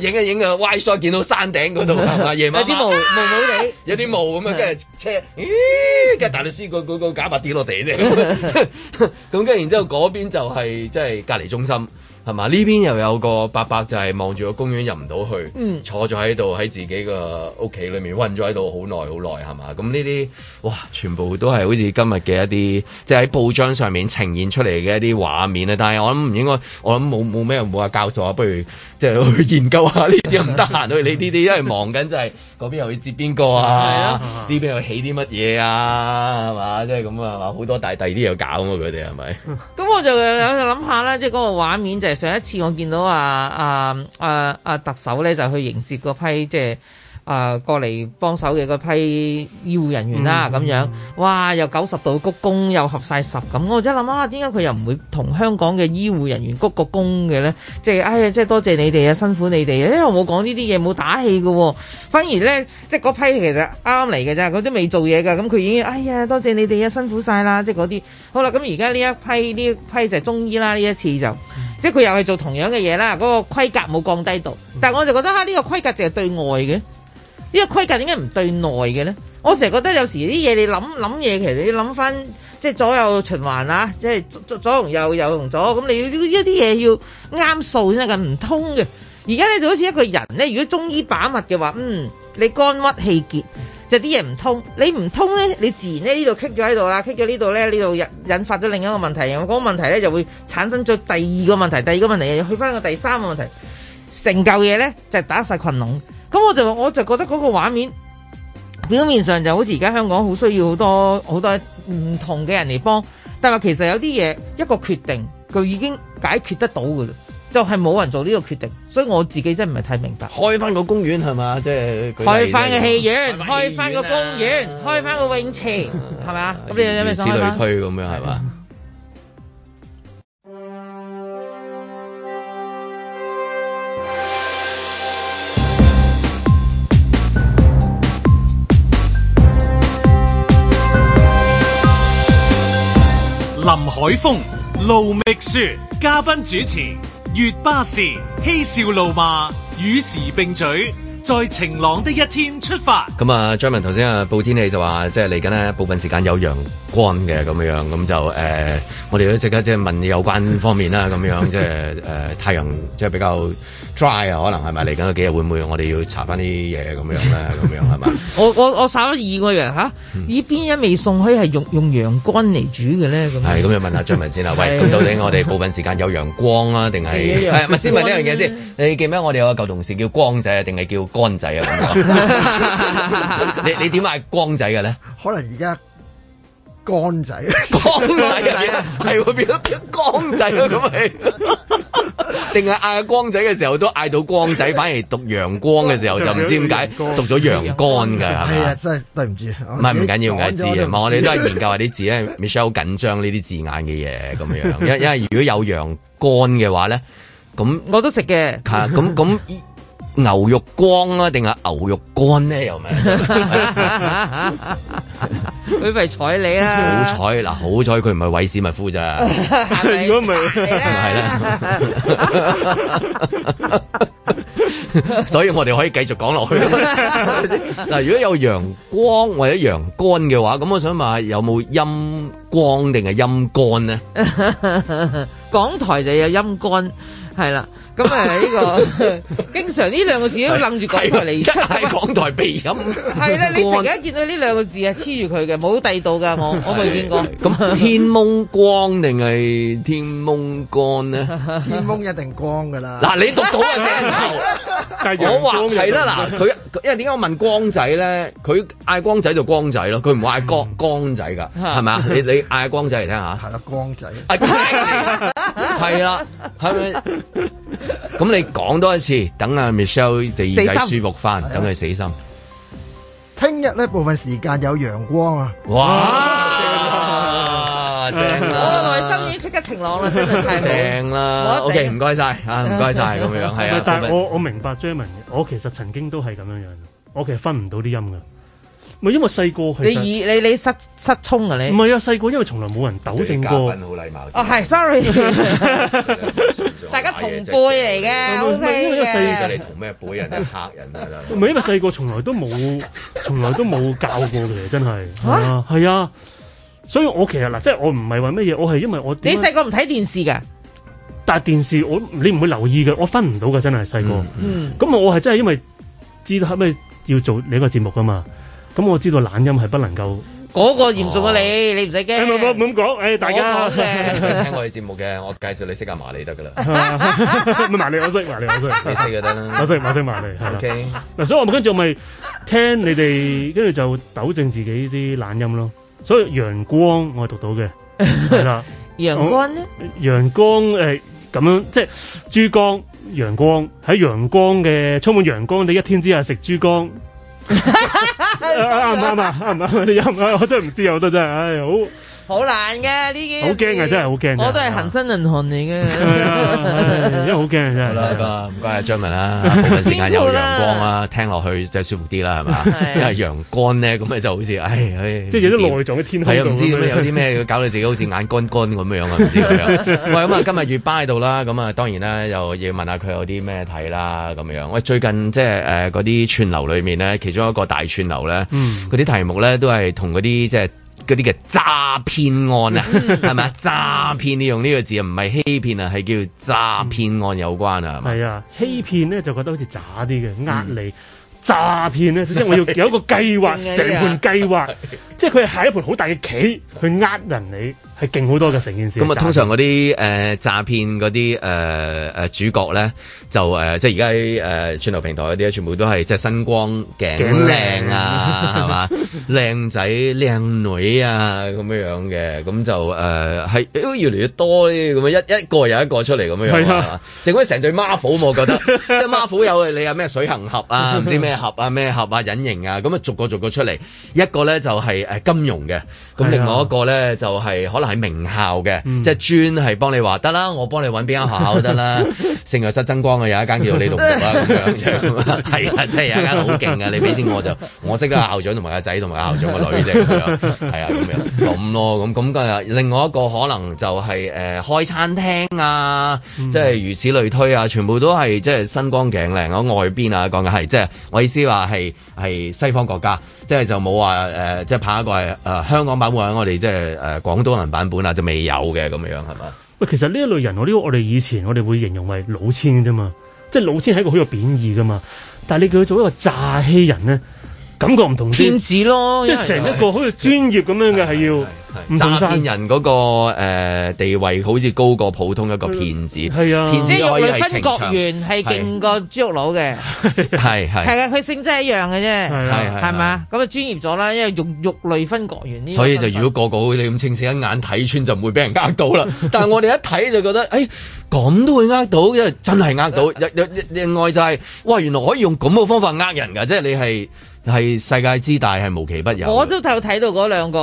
影一影啊，哇！wide shot 見到山頂嗰度夜晚有啲霧霧霧地，有啲霧咁啊，跟住車咦？跟大律師個個假髮跌落地咧，咁跟住，然之後嗰邊就係即係隔離中心。係嘛？呢邊又有個伯伯就係望住個公園入唔到去，嗯、坐咗喺度喺自己嘅屋企裏面困咗喺度好耐好耐係嘛？咁呢啲哇，全部都係好似今日嘅一啲，即係喺報章上面呈現出嚟嘅一啲畫面啊！但係我諗唔應該，我諗冇冇咩人冇話教授啊！不如即係去研究下呢啲唔得閒去你呢啲，因為忙緊就係、係、嗰邊又要接邊個啊，呢 邊又起啲乜嘢啊，係嘛？即係咁啊好多大第啲嘢搞啊嘛，佢哋係咪？咁 我就有諗下啦，即係嗰個畫面就係上一次我見到啊啊啊啊特首咧就去迎接嗰批即係啊過嚟幫手嘅嗰批醫護人員啦，咁、嗯、樣哇又九十度鞠躬又合晒十咁，我即係諗啊，點解佢又唔會同香港嘅醫護人員鞠個躬嘅咧？即係哎呀，即係多謝你哋啊，辛苦你哋啊。因、哎、為我冇講呢啲嘢，冇打氣嘅喎、哦，反而咧即係嗰批其實啱啱嚟嘅啫，佢都未做嘢噶，咁佢已經哎呀多謝你哋啊，辛苦晒啦。即係嗰啲好啦，咁而家呢一批呢一批就係中醫啦，呢一次就。即佢又係做同樣嘅嘢啦，嗰、那個規格冇降低到，但係我就覺得嚇呢、這個規格淨係對外嘅，這個、規呢個規格點解唔對內嘅咧？我成日覺得有時啲嘢你諗諗嘢，其實你諗翻即係左右循環啊，即係左左同右右同左，咁你要一啲嘢要啱數先得咁唔通嘅。而家咧就好似一個人咧，如果中醫把脈嘅話，嗯，你肝鬱氣結。就啲嘢唔通，你唔通咧，你自然咧呢度棘咗喺度啦，棘咗呢度咧，呢度引發咗另一個問題，咁個問題咧就會產生咗第二個問題，第二個問題又去翻個第三個問題，成舊嘢咧就係打晒群龍。咁我就我就覺得嗰個畫面表面上就好似而家香港好需要好多好多唔同嘅人嚟幫，但係其實有啲嘢一個決定佢已經解決得到噶啦。就係冇人做呢個決定，所以我自己真係唔係太明白。開翻個公園係嘛，即係開翻個戲院，開翻個公園，啊、開翻個泳池，係咪啊？咁你有咩想啊？以此類推咁、啊、樣係嘛？吧林海峰、盧覓雪，嘉賓主持。月巴時，嬉笑怒罵，與時並舉。在晴朗的一天出發。咁啊，張文頭先啊報天氣就話，即係嚟緊呢部分時間有陽光嘅咁樣，咁就誒，我哋都即刻即係問有關方面啦，咁樣即係誒太陽即係比較 dry 啊，可能係咪嚟緊嗰幾日會唔會我哋要查翻啲嘢咁樣咧？咁樣係嘛？我我我晒咗二個月吓，依邊一味餸可以係用用陽光嚟煮嘅咧？咁係咁，問下張文先啊。喂，咁到底我哋部分時間有陽光啊，定係咪先問呢樣嘢先？你記唔記得？我哋有個舊同事叫光仔啊，定係叫？光仔啊！你你點嗌光仔嘅，啊，咧？可能而家光仔，光仔係會變到變光仔咯咁係，定係嗌光仔嘅時候都嗌到光仔，反而讀陽光嘅時候就唔知點解讀咗羊肝噶係嘛？真係對唔住，唔係唔緊要，唔介意啊。唔係是我哋 都係研究下啲字，因 Michelle 好緊張呢啲字眼嘅嘢咁樣。因為因為如果有羊肝嘅話咧，咁我都食嘅。咁咁。 牛肉光啊，定係牛肉乾咧？又咪？佢咪睬你啦！好彩嗱，好彩佢唔係韋斯密夫咋。如果唔係，係啦。所以我哋可以繼續講落去。嗱，如果有陽光或者陽乾嘅話，咁我想問下，有冇陰光定係陰乾咧？港台就有陰乾，係啦。咁啊！呢個經常呢兩個字都楞住過嚟，一喺港台鼻音。係啦，你成日見到呢兩個字啊，黐住佢嘅，冇地道噶。我我咪已經咁，天蒙光定係天蒙光咧？天蒙一定光噶啦。嗱，你讀到個聲喉。我話係啦，嗱，佢因為點解我問光仔咧？佢嗌光仔就光仔咯，佢唔嗌光光仔噶，係咪啊？你你嗌光仔嚟聽下。係啦，光仔。係啦，係咪？咁你講多一次，等阿 Michelle 耳仔舒服翻，等佢死心。聽日呢部分時間有陽光啊！哇，正！我個內心已經即刻晴朗啦，真係太正啦！OK，唔該晒啊，唔該晒咁樣，係啊。但係我我明白 Jeremy，我其實曾經都係咁樣樣，我其實分唔到啲音噶。唔係因為細個，你耳你你失失聰啊？你唔係啊，細個因為從來冇人糾正過。嘉賓好禮貌啊，係，sorry。大家同輩嚟嘅，O K 嘅。你同咩輩人啊？客人啊？就咪是 Okay 因為細個從來都冇， 從來都冇教過嘅，真係嚇係啊。所以我其實嗱，即係我唔係話乜嘢，我係因為我為你細個唔睇電視嘅，但係電視我你唔會留意嘅，我分唔到嘅，真係細個。嗯，咁我我係真係因為知道係咩要做呢個節目噶嘛，咁我知道懶音係不能夠。嗰個嚴重啊！你你唔使驚，唔好唔好咁講。誒，大家係聽我哋節目嘅，我介紹你識下麻利得噶啦。麻利我識，麻利我識，你識就得啦。我識我識麻利。OK，所以我咪跟住我咪聽你哋，跟住就糾正自己啲懶音咯。所以陽光我係讀到嘅，係啦。陽光咧？陽光誒咁樣，即係珠江陽光，喺陽光嘅充滿陽光嘅一天之下食珠江。啱唔啱啊？啱唔啱你啱唔啱？我真係唔知啊，我覺得真係，唉、哎，好。難好難嘅呢啲，好驚啊了真係好驚。我都係恒生銀行嚟嘅，因為好驚真係。好啦，唔該阿 Jimmy 啦，先有陽光啦，聽落去就舒服啲啦，係嘛？因為陽光咧，咁咧就好似，唉，唉即係有啲內臟喺天空度，係唔知有啲咩 搞到自己好乾乾，好似眼乾乾咁樣樣啊？唔知。喂，咁啊今日月巴喺度啦，咁啊當然啦，又要問下佢有啲咩睇啦，咁樣。喂、欸，最近即係誒嗰啲串流裏面咧，其中一個大串流咧，嗯，啲題目咧都係同嗰啲即係。嗰啲嘅詐騙案啊，係咪啊？詐騙你用呢個字啊，唔係欺騙啊，係叫詐騙案有關啊，係咪？係啊，欺騙咧就覺得好似渣啲嘅，呃你、嗯、詐騙咧，即係我要有一個計劃，成 盤計劃， 即係佢係下一盤好大嘅棋去呃人你。係勁好多嘅成件事。咁啊，通常嗰啲誒詐騙嗰啲誒誒主角咧，就誒、呃、即係而家喺串流平台嗰啲全部都係即係新光鏡靚啊，係嘛、啊？靚、啊、吧仔靚女啊，咁樣樣嘅，咁就誒係、呃呃、越嚟越多呢，咁啊一一個又一個出嚟咁樣樣是啊，剩整成對孖虎我覺得， 即係孖虎有你有咩水行俠啊，唔 知咩俠啊咩俠啊隱形啊，咁啊逐個逐個出嚟，一個咧就係誒金融嘅，咁另外一個咧就係可能。喺名校嘅，嗯、即係專係幫你話得啦，我幫你揾邊間學校得啦。聖日失真光嘅，有一間叫做呢度。係啊，即係 有一間好勁嘅。你俾先我，我就，我識啦。校長同埋阿仔同埋阿校長個女啫。係啊，咁樣咁咯，咁咁嘅。另外一個可能就係、是、誒、呃、開餐廳啊，即係、嗯、如此類推啊，全部都係即係新光鏡亮喺外邊啊。講嘅係即係我意思話係係西方國家。即係就冇話誒，即係拍一個誒、呃，香港版本我，我哋即係誒廣東人版本啊，就未有嘅咁樣，係嘛？喂，其實呢一類人，我呢，我哋以前我哋會形容為老千嘅啫嘛，即係老千係一個好有貶義噶嘛，但係你叫佢做一個詐欺人咧。感覺唔同啲，騙子咯，即係成一個好似專業咁樣嘅係要詐騙人嗰個誒地位，好似高過普通一個騙子係啊。騙子肉類分割員係勁過豬肉佬嘅，係係係啊，佢性質係一樣嘅啫，係係係嘛，咁啊，專業咗啦，因為肉肉類分割員呢，所以就如果個個你咁清醒一眼睇穿，就唔會俾人呃到啦。但係我哋一睇就覺得，誒咁都會呃到，因為真係呃到。又又另外就係哇，原來可以用咁嘅方法呃人㗎，即係你係。係世界之大，係無奇不有。我都有睇到嗰兩個誒誒、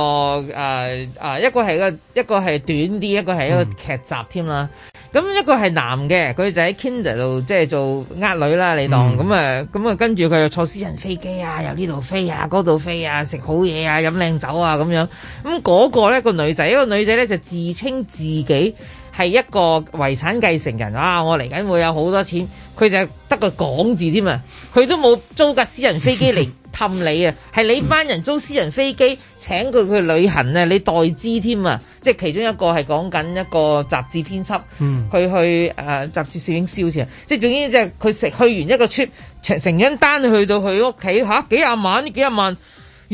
呃呃，一個係個，一個係短啲，一個係一個劇集添啦。咁、嗯、一個係男嘅，佢就喺 Tinder 度即係做呃女啦，你當咁啊咁啊，跟住佢又坐私人飛機啊，由呢度飛啊，嗰度飛啊，食好嘢啊，飲靚酒啊，咁樣。咁、嗯、嗰、嗰個咧、嗰個女仔，一、嗰個女仔咧、嗰個、就自稱自己，係一個遺產繼承人啊！我嚟緊會有好多錢，佢就得個講字添啊！佢都冇租架私人飛機嚟氹你啊，係 你班人租私人飛機請佢去旅行啊！你代資添啊，即係其中一個係講緊一個雜誌編輯，佢 去誒、呃、雜誌攝影燒錢，即係總之即係佢食去完一個 trip 成成張單去到佢屋企嚇幾廿萬，幾廿萬。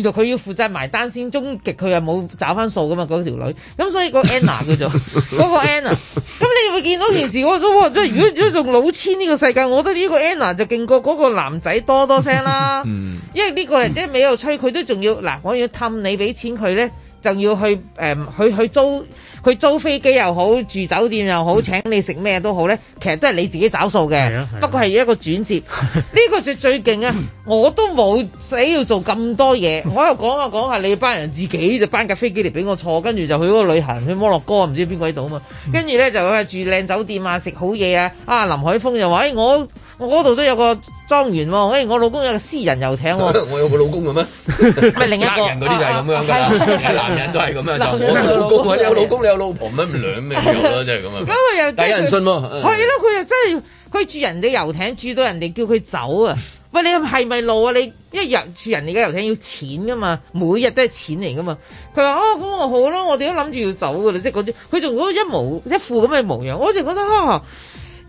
佢要負責埋單先，終極佢又冇找返數㗎嘛，嗰條、嗰個、女，咁所以個 Anna 叫做嗰 個 Anna，咁你會見到件事我都都，如果如果仲老千呢個世界，我覺得呢個 Anna 就勁過嗰個男仔多多聲啦， 因為呢、呢個即係尾又吹，佢 都仲要嗱，我要氹你俾錢佢咧，就要去誒，佢、呃、去、去租。佢租飛機又好，住酒店又好，請你食咩都好呢，其實都係你自己找數嘅。啊啊、不過係一個轉折，呢 個就最勁啊！我都冇使要做咁多嘢，我又講下講下你班人自己就班架飛機嚟俾我坐，跟住就去嗰個旅行去摩洛哥唔知邊個喺度嘛，跟住呢，就住靚酒店啊，食好嘢啊，啊林海峰就話、哎、我。我嗰度都有個莊園喎、欸，我老公有個私人遊艇喎。 我有個老公嘅咩？唔係另一個。 人嗰啲就係咁樣㗎， 啊啊、男人都係咁樣， 樣。嗱，有老公，老公人有老公，你有老婆，咁咪兩名嘢咯，真係咁啊。嗰個又抵人信喎，係咯，佢又真係佢住人哋遊艇住到人哋叫佢走啊！喂， 你係咪路啊？你一日住人哋嘅遊艇要錢㗎嘛，每日都係錢嚟㗎嘛。佢話哦，咁、啊、我好咯，我哋都諗住要走㗎啦，即係嗰啲。佢仲嗰一模一副咁嘅模樣，我就覺得、啊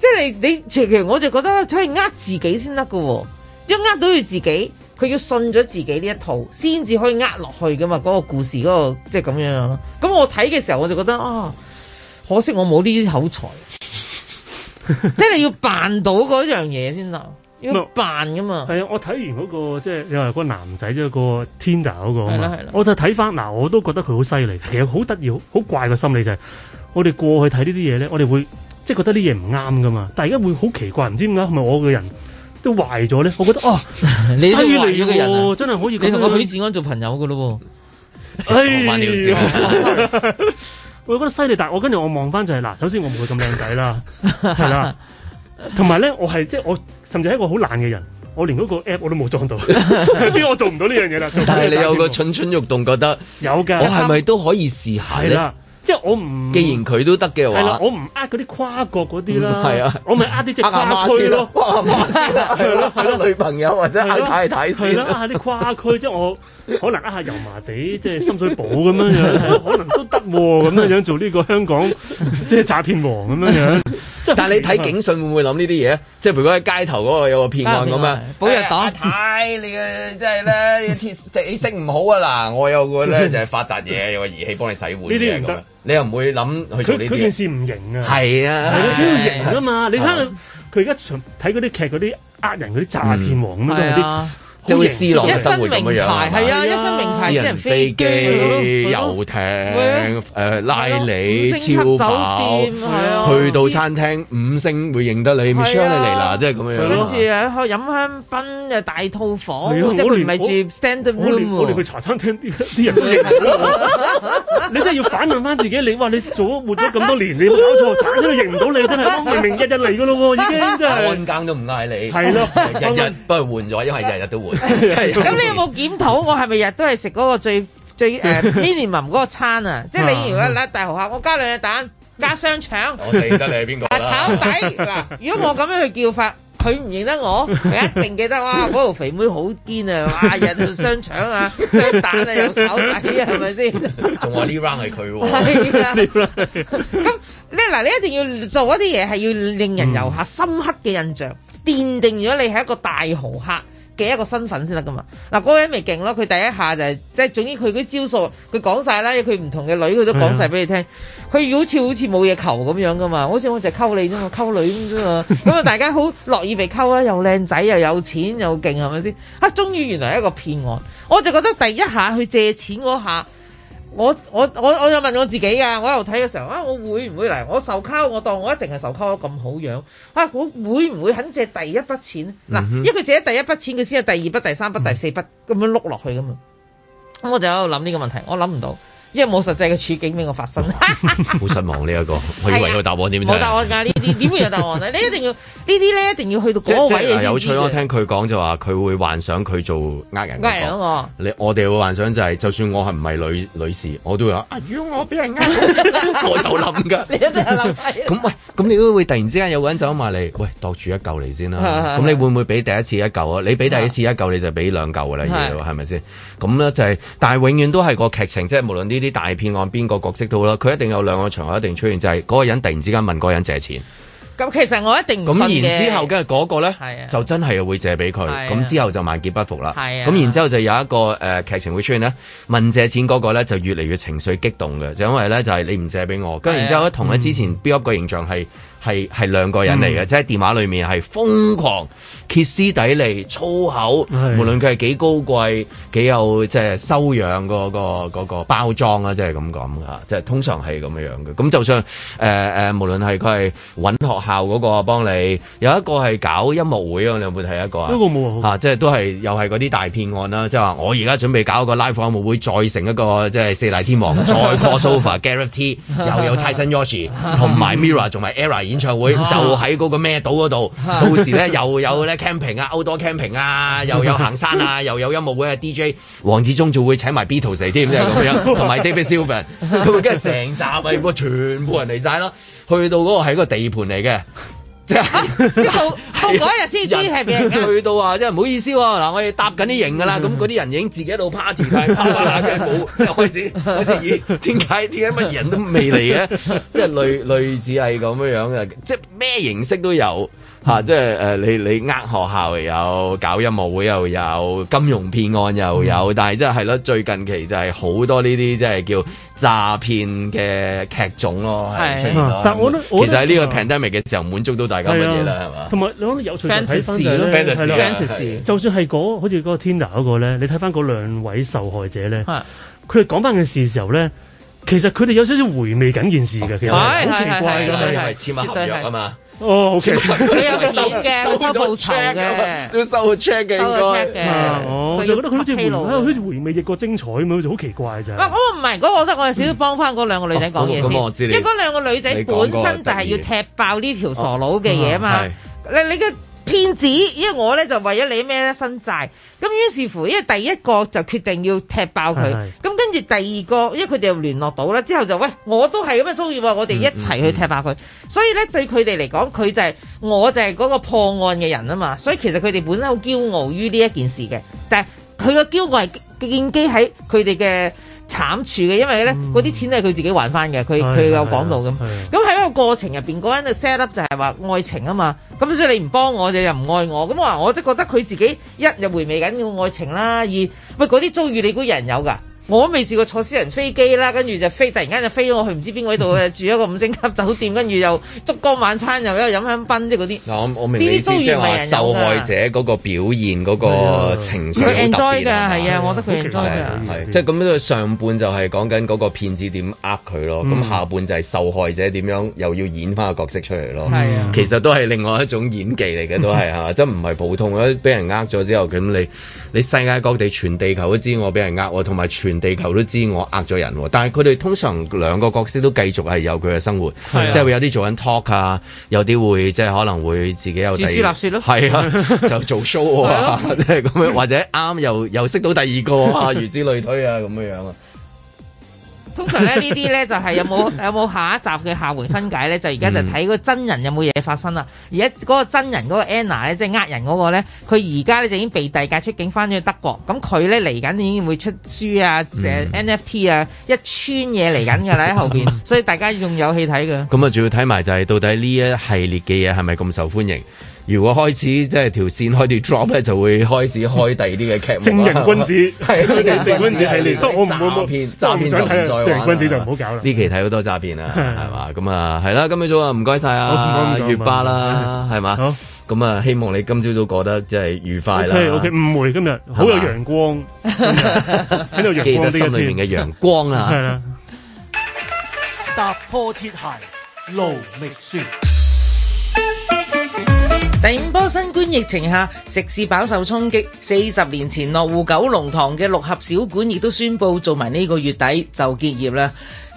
即係你，你其實我就、哦那個那個、我，我就覺得，真係呃自己先得噶。一呃到佢自己，佢要信咗自己呢一套，先至可以呃落去噶嘛。嗰個故事嗰個，即係咁樣樣咯。咁我睇嘅時候，我就覺得啊，可惜我冇呢啲口才。 即係你要扮到嗰樣嘢先得，要扮噶嘛。係啊， 我睇完嗰、那個即係，你話個男仔即係個 Tinder 嗰個啊，我就睇翻嗱，我都覺得佢好犀利。其實好得意，好怪個心理就係、是，我哋過去睇呢啲嘢咧，我哋會。即係覺得啲嘢唔啱噶嘛，但係而家會好奇怪，唔知點解係咪我個人都壞咗咧？我覺得哦，啊、你犀利嘅人、啊，真係可以、啊。你同許志安做朋友噶咯、啊？哎呀唉，我覺得犀利，但係我跟住我望翻就係、是、嗱，首先我唔會咁靚仔啦，係啦， 同埋咧我係即係我甚至係一個好懶嘅人，我連嗰個 app 我都冇裝到，邊 我做唔到呢樣嘢啦。但係你有個蠢蠢欲動，覺得有嘅的，我係咪都可以試下咧？ 即係我唔，既然佢都得嘅話，係啦，我唔呃嗰啲跨國嗰啲啦，係啊，我咪呃啲即係媽先咯，媽先係咯，係女朋友的或者係太太先係咯，係啦，啲跨區 即係我。可能一下油麻地，即係深水埗咁樣樣，可能都得咁樣樣做呢個香港即係詐騙王咁樣樣。但係你睇警訊會唔會諗呢啲嘢？即係如果喺街頭嗰個有個騙案咁啊，保日打太你嘅，即係咧，氣色唔好啊嗱。我有個咧就係發達嘢，有個儀器幫你洗碗呢啲啊，你又唔會諗去做呢啲。佢佢件事唔型啊，係啊，主要型啊嘛。你睇佢，佢而家睇嗰啲劇，嗰啲呃人，嗰啲詐騙王咁樣嗰啲。即係會私落嘅生活咁樣樣啊！一身名牌，私人飛機、遊艇、誒拉你超跑，去到餐廳五星會認得你 Michelle 你嚟啦！即係咁樣樣啊！好似飲香檳嘅大套房，即係佢唔係住 standard room 喎我哋我哋去茶餐廳啲啲人都認唔到我。你真係要反問翻自己，你話你做咗活咗咁多年，你冇搞錯，餐廳認唔到你真係，明明日日嚟嘅咯喎已經真係。安間都唔嗌你，係咯，日日不過換咗，因為日日都換。咁 你有冇檢討？我係咪日都係食嗰個最最誒、uh, minimum 嗰個餐啊？ 即係你如果揦大豪客，我加兩隻蛋，加雙腸。我認得你係邊個？炒底嗱， 如果我咁樣去叫法，佢唔認得我，佢一定記得哇！嗰度肥妹好堅啊！哇，日日雙腸啊，雙蛋啊，又炒底是是 啊，係咪先？仲話呢 round 係佢？咁咧嗱，你一定要做一啲嘢，係要令人留下深刻嘅印象，奠定咗你係一個大豪客，嘅一個身份先得噶嘛，嗱，嗰個人咪勁咯，佢第一下就係，即係總之佢啲招數，佢講晒啦，佢唔同嘅女佢都講晒俾你聽，佢的好似好似冇嘢求咁樣噶嘛，好似我就係溝你啫嘛，溝女咁啫嘛，咁啊 大家好樂意被溝啊，又靚仔又有錢又勁係咪先？啊，終於原來一個騙案，我就覺得第一下去借錢嗰下。我我我我又問我自己啊！我喺度睇嘅時候啊，我會唔會嚟？我受溝，我當我一定係受溝咁好樣啊！我會唔會肯借第一筆錢嗱，啊嗯、哼因為佢借咗第一筆錢，佢先有第二筆、第三筆、第四筆咁、嗯、樣碌落去噶嘛。咁我就喺度諗呢個問題，我諗唔到。因為冇實際嘅處境俾我發生，好失望呢一個。我以為有答案點？冇答案㗎呢啲，點會有答案啊？你一定要呢啲咧，一定要去到嗰個位。有趣，我聽佢講就話佢會幻想佢做呃人。呃人我，你我哋會幻想就係，就算我係唔係女女士，我都有，如果我俾人呃，我就諗㗎。你一定諗。咁喂，咁你會會突然之間有個人走埋嚟，喂，度住一嚿嚟先啦。咁你會唔會俾第一次一嚿啊？你俾第一次一嚿，你就俾兩嚿㗎啦，係咪先？咁咧就係，但係永遠都係個劇情，即係無論啲。啲大片案，邊個角色都好啦，佢一定有兩個場合一定出現，就係嗰個人突然之間問嗰人借錢。咁其實我一定咁然之後，跟住嗰個咧，就真係會借俾佢。咁之後就萬劫不復啦。咁然之後就有一個誒劇情會出現咧，問借錢嗰個咧就越嚟越情緒激動嘅，就因為咧就係你唔借俾我，跟然之後咧同之前 build up 個形象係係係兩個人嚟嘅，即係電話裏面係瘋狂。揭斯底里粗口，的無論佢係幾高貴幾有即係修養個、那個嗰包裝、就是、啊，即係咁講啊，即係通常係咁樣樣嘅。咁就算誒誒、呃、無論係佢係揾學校個幫你，有一個係搞音樂會啊，你有冇睇一個，個啊？呢個冇啊，嚇！即係都係又係啲大騙案啦，即係話我而家準備搞一個 live 音樂會再成一個即係四大天王，再 cover a Gareth T，又有 Tyson Yoshi 同埋 Mira，仲埋 Era、e、演唱會就喺個咩島度，到時咧又有咧。有有 camping 啊，outdoor camping 啊，又有行山啊，又有音樂會啊，DJ 黃志忠仲會請埋 Beatles 添，即係咁樣，同埋 David Sylvian 佢會跟住成集咪全部人嚟晒咯，去到嗰個係個地盤嚟嘅，即、就、係、是啊、到到嗰日先知係咩。人 去到啊，即係唔好意思喎，嗱，我哋搭緊啲營噶啦，咁嗰啲人已經自己喺度 party 大 party 冇即係開始開始咦？點解點解乜人都未嚟嘅？即係類類似係咁樣嘅，即係咩形式都有。吓，即係誒，你你呃學校又有搞音樂會又有金融騙案又有，但係即係咯，最近期就係好多呢啲即係叫詐騙嘅劇種咯，係但係我都，我其實喺呢個 pandemic 嘅時候滿足到大家乜嘢啦，係嘛？同埋你講到有 fantasy 啦，fantasy，就算係嗰好似嗰個 Tina 嗰個咧，你睇翻嗰兩位受害者咧，佢哋講翻件事時候咧，其實佢哋有少少回味緊件事嘅，其實好奇怪嘅，又係簽埋合約啊嘛。哦，佢有錢嘅，要收部 check 嘅，要收部 check 嘅，應該哦，就覺得佢好似回，好似回味亦過精彩咁樣，好似好奇怪咋。喂，我唔係，我覺得我有少少幫翻嗰兩個女仔講嘢先，因為嗰兩個女仔本身就係要踢爆呢條傻佬嘅嘢啊嘛，你你嘅。騙子，因為我咧就為咗你咩咧身債，咁於是乎，因為第一個就決定要踢爆佢，咁是是 跟住第二個，因為佢哋又聯絡到啦，之後就喂我都係咁樣中意，我哋一齊去踢爆佢，嗯嗯嗯，所以咧對佢哋嚟講，佢就係、是、我就係嗰個破案嘅人啊嘛，所以其實佢哋本身好驕傲於呢一件事嘅，但係佢嘅驕傲係建基喺佢哋嘅。慘處嘅，因為咧嗰啲錢都係佢自己還翻嘅，佢佢的有講到咁。咁喺一個過程入邊，嗰人就 set up 就係話愛情啊嘛，咁所以你唔幫我，你又唔愛我，咁我話我即係覺得佢自己一又回味緊愛情啦，二喂嗰啲遭遇你估人有㗎？我都未試過坐私人飛機啦，跟住就飛，突然間就飛咗我去唔知邊個喺度住一個五星級酒店，跟住又燭光晚餐，又喺度飲香檳即嗰啲。我未明你知，受害者嗰個表現嗰個情緒好特別啊，係啊，我覺得佢好特別啊，即係咁樣上半就係講緊嗰個騙子點呃佢咯，咁下半就係受害者點樣又要演翻個角色出嚟咯。其實都係另外一種演技嚟嘅，都係啊，即唔係普通啊，俾人呃咗之後咁你你世界各地全地球都知我俾人呃喎，同埋全地球都知我呃咗人，但係佢哋通常兩個角色都繼續係有佢嘅生活，啊、即係會有啲做緊 talk 啊，有啲會即係可能會自己有自説立説咯，係啊， 就做 show 啊，即係咁樣，或者啱又又識到第二個啊， 如之類推啊，咁嘅樣啊。 通常咧呢啲咧就係、是、有冇有冇下一集嘅下回分解咧？就而家就睇嗰真人有冇嘢發生啦。嗯、而家嗰個真人嗰、那個 Anna 咧，即係呃人嗰個咧，佢而家咧就已經被遞解出境翻咗去德國。咁佢咧嚟緊已經會出書啊，成 NFT 啊，嗯、一串嘢嚟緊㗎啦喺後邊。所以大家仲有戲睇㗎。咁啊， 仲要睇埋就係到底呢一系列嘅嘢係咪咁受歡迎？如果開始即係條線開始 drop 咧，就會開始開第二啲嘅劇目。正人君子係正人君子系列，我唔會片，騙詐騙。唔想睇再正人君子就唔好搞啦。呢期睇好多詐騙啊，係嘛。咁啊，係啦。今朝早啊，唔該晒啊，月巴啦，係嘛。咁啊，希望你今朝早過得即係愉快啦。O K，誤會今日好有陽光喺度，記得。心裏面嘅陽光啊。係啦，踏破鐵鞋路未絕。第五波新冠疫情下，食肆飽受衝擊。四十年前落戶九龍塘嘅六合小館，亦都宣布做埋呢個月底就結業啦。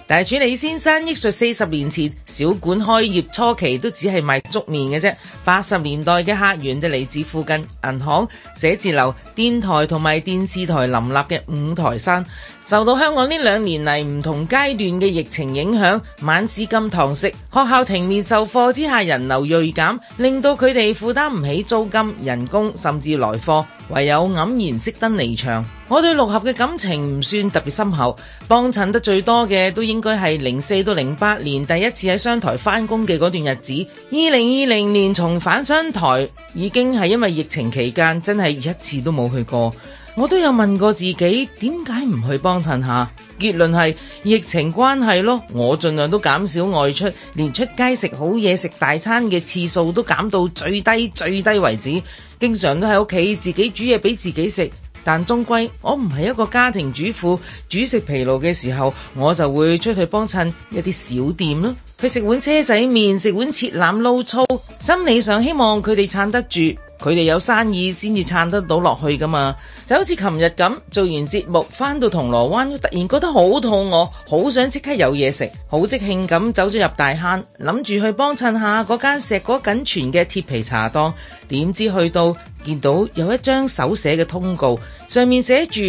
大廚李先生憶述，四十年前小館開業初期都只係賣粥麵嘅啫。八十年代嘅客源就嚟自附近銀行、寫字樓、電台同埋電視台林立嘅五台山。受到香港呢兩年嚟唔同階段嘅疫情影響，晚市禁堂食，學校停面授課之下人流銳減，令到佢哋負擔唔起租金、人工甚至來貨，唯有黯然熄燈離場。我對六合嘅感情唔算特別深厚，幫襯得最多嘅都應該係零四到零八年第一次喺商台返工嘅嗰段日子。二零二零年重返商台，已經係因為疫情期間真係一次都冇去過。我都有問過自己點解唔去幫襯下，結論係疫情關係咯。我盡量都減少外出，連出街食好嘢、食大餐嘅次數都減到最低最低為止。經常都喺屋企自己煮嘢俾自己食。但終歸我唔係一個家庭主婦，煮食疲勞嘅時候，我就會出去幫襯一啲小店咯。去食碗車仔麵，食碗切腩撈粗，心理上希望佢哋撐得住。佢哋有生意先至撐得到落去噶嘛。就好似琴日咁，做完節目返到銅鑼灣，突然覺得好肚餓，好想即刻有嘢食，好即興咁走咗入大坑，諗住去幫襯下嗰間碩果僅存嘅鐵皮茶檔，點知去到見到有一張手寫嘅通告，上面寫住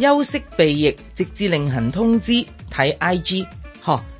休息避疫，直至另行通知，睇 IG。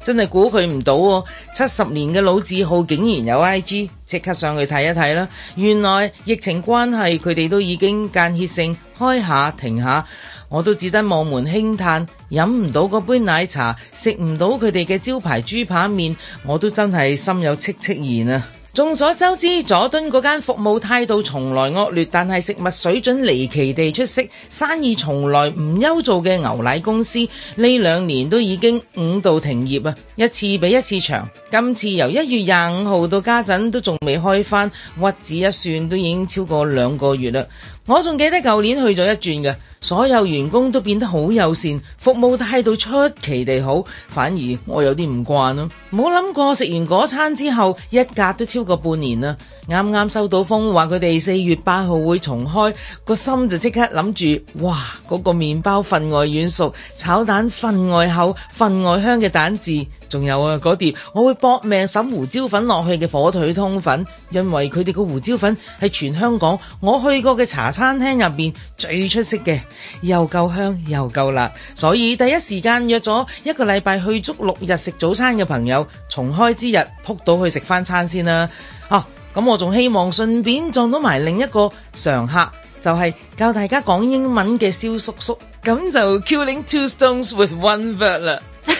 真係估佢唔到喎，七十年嘅老字號竟然有 IG，即刻上去睇一睇啦。原來疫情關係，佢哋都已經間歇性開下停下，我都只得望門輕嘆，飲唔到嗰杯奶茶，食唔到佢哋嘅招牌豬扒麵，我都真係心有戚戚然啊！眾所周知，佐敦嗰間服務態度從來惡劣，但係食物水準離奇地出色，生意從來唔憂做嘅牛奶公司，呢兩年都已經五度停業啊！一次比一次長，今次由一月廿五號到家陣都仲未開返，屈指一算都已經超過兩個月啦。我仲記得舊年去咗一轉嘅，所有員工都變得好友善，服務態度出奇地好，反而我有啲唔慣咯。冇諗過食完嗰餐之後，一隔都超過半年啦。啱啱收到風話佢哋四月八號會重開，個心就即刻諗住，哇！嗰個麵包份外軟熟，炒蛋份外厚，份外香嘅蛋治。仲有啊，嗰碟我會搏命審胡椒粉落去嘅火腿通粉，因為佢哋個胡椒粉係全香港我去過嘅茶餐廳入邊最出色嘅，又夠香又夠辣，所以第一時間約咗一個禮拜去足六日食早餐嘅朋友重開之日撲到去食翻餐先啦。哦，咁我仲希望順便撞到埋另一個常客，就係教大家講英文嘅蕭叔叔，咁就 killing two stones with one bird 啦。哈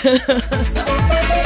哈哈！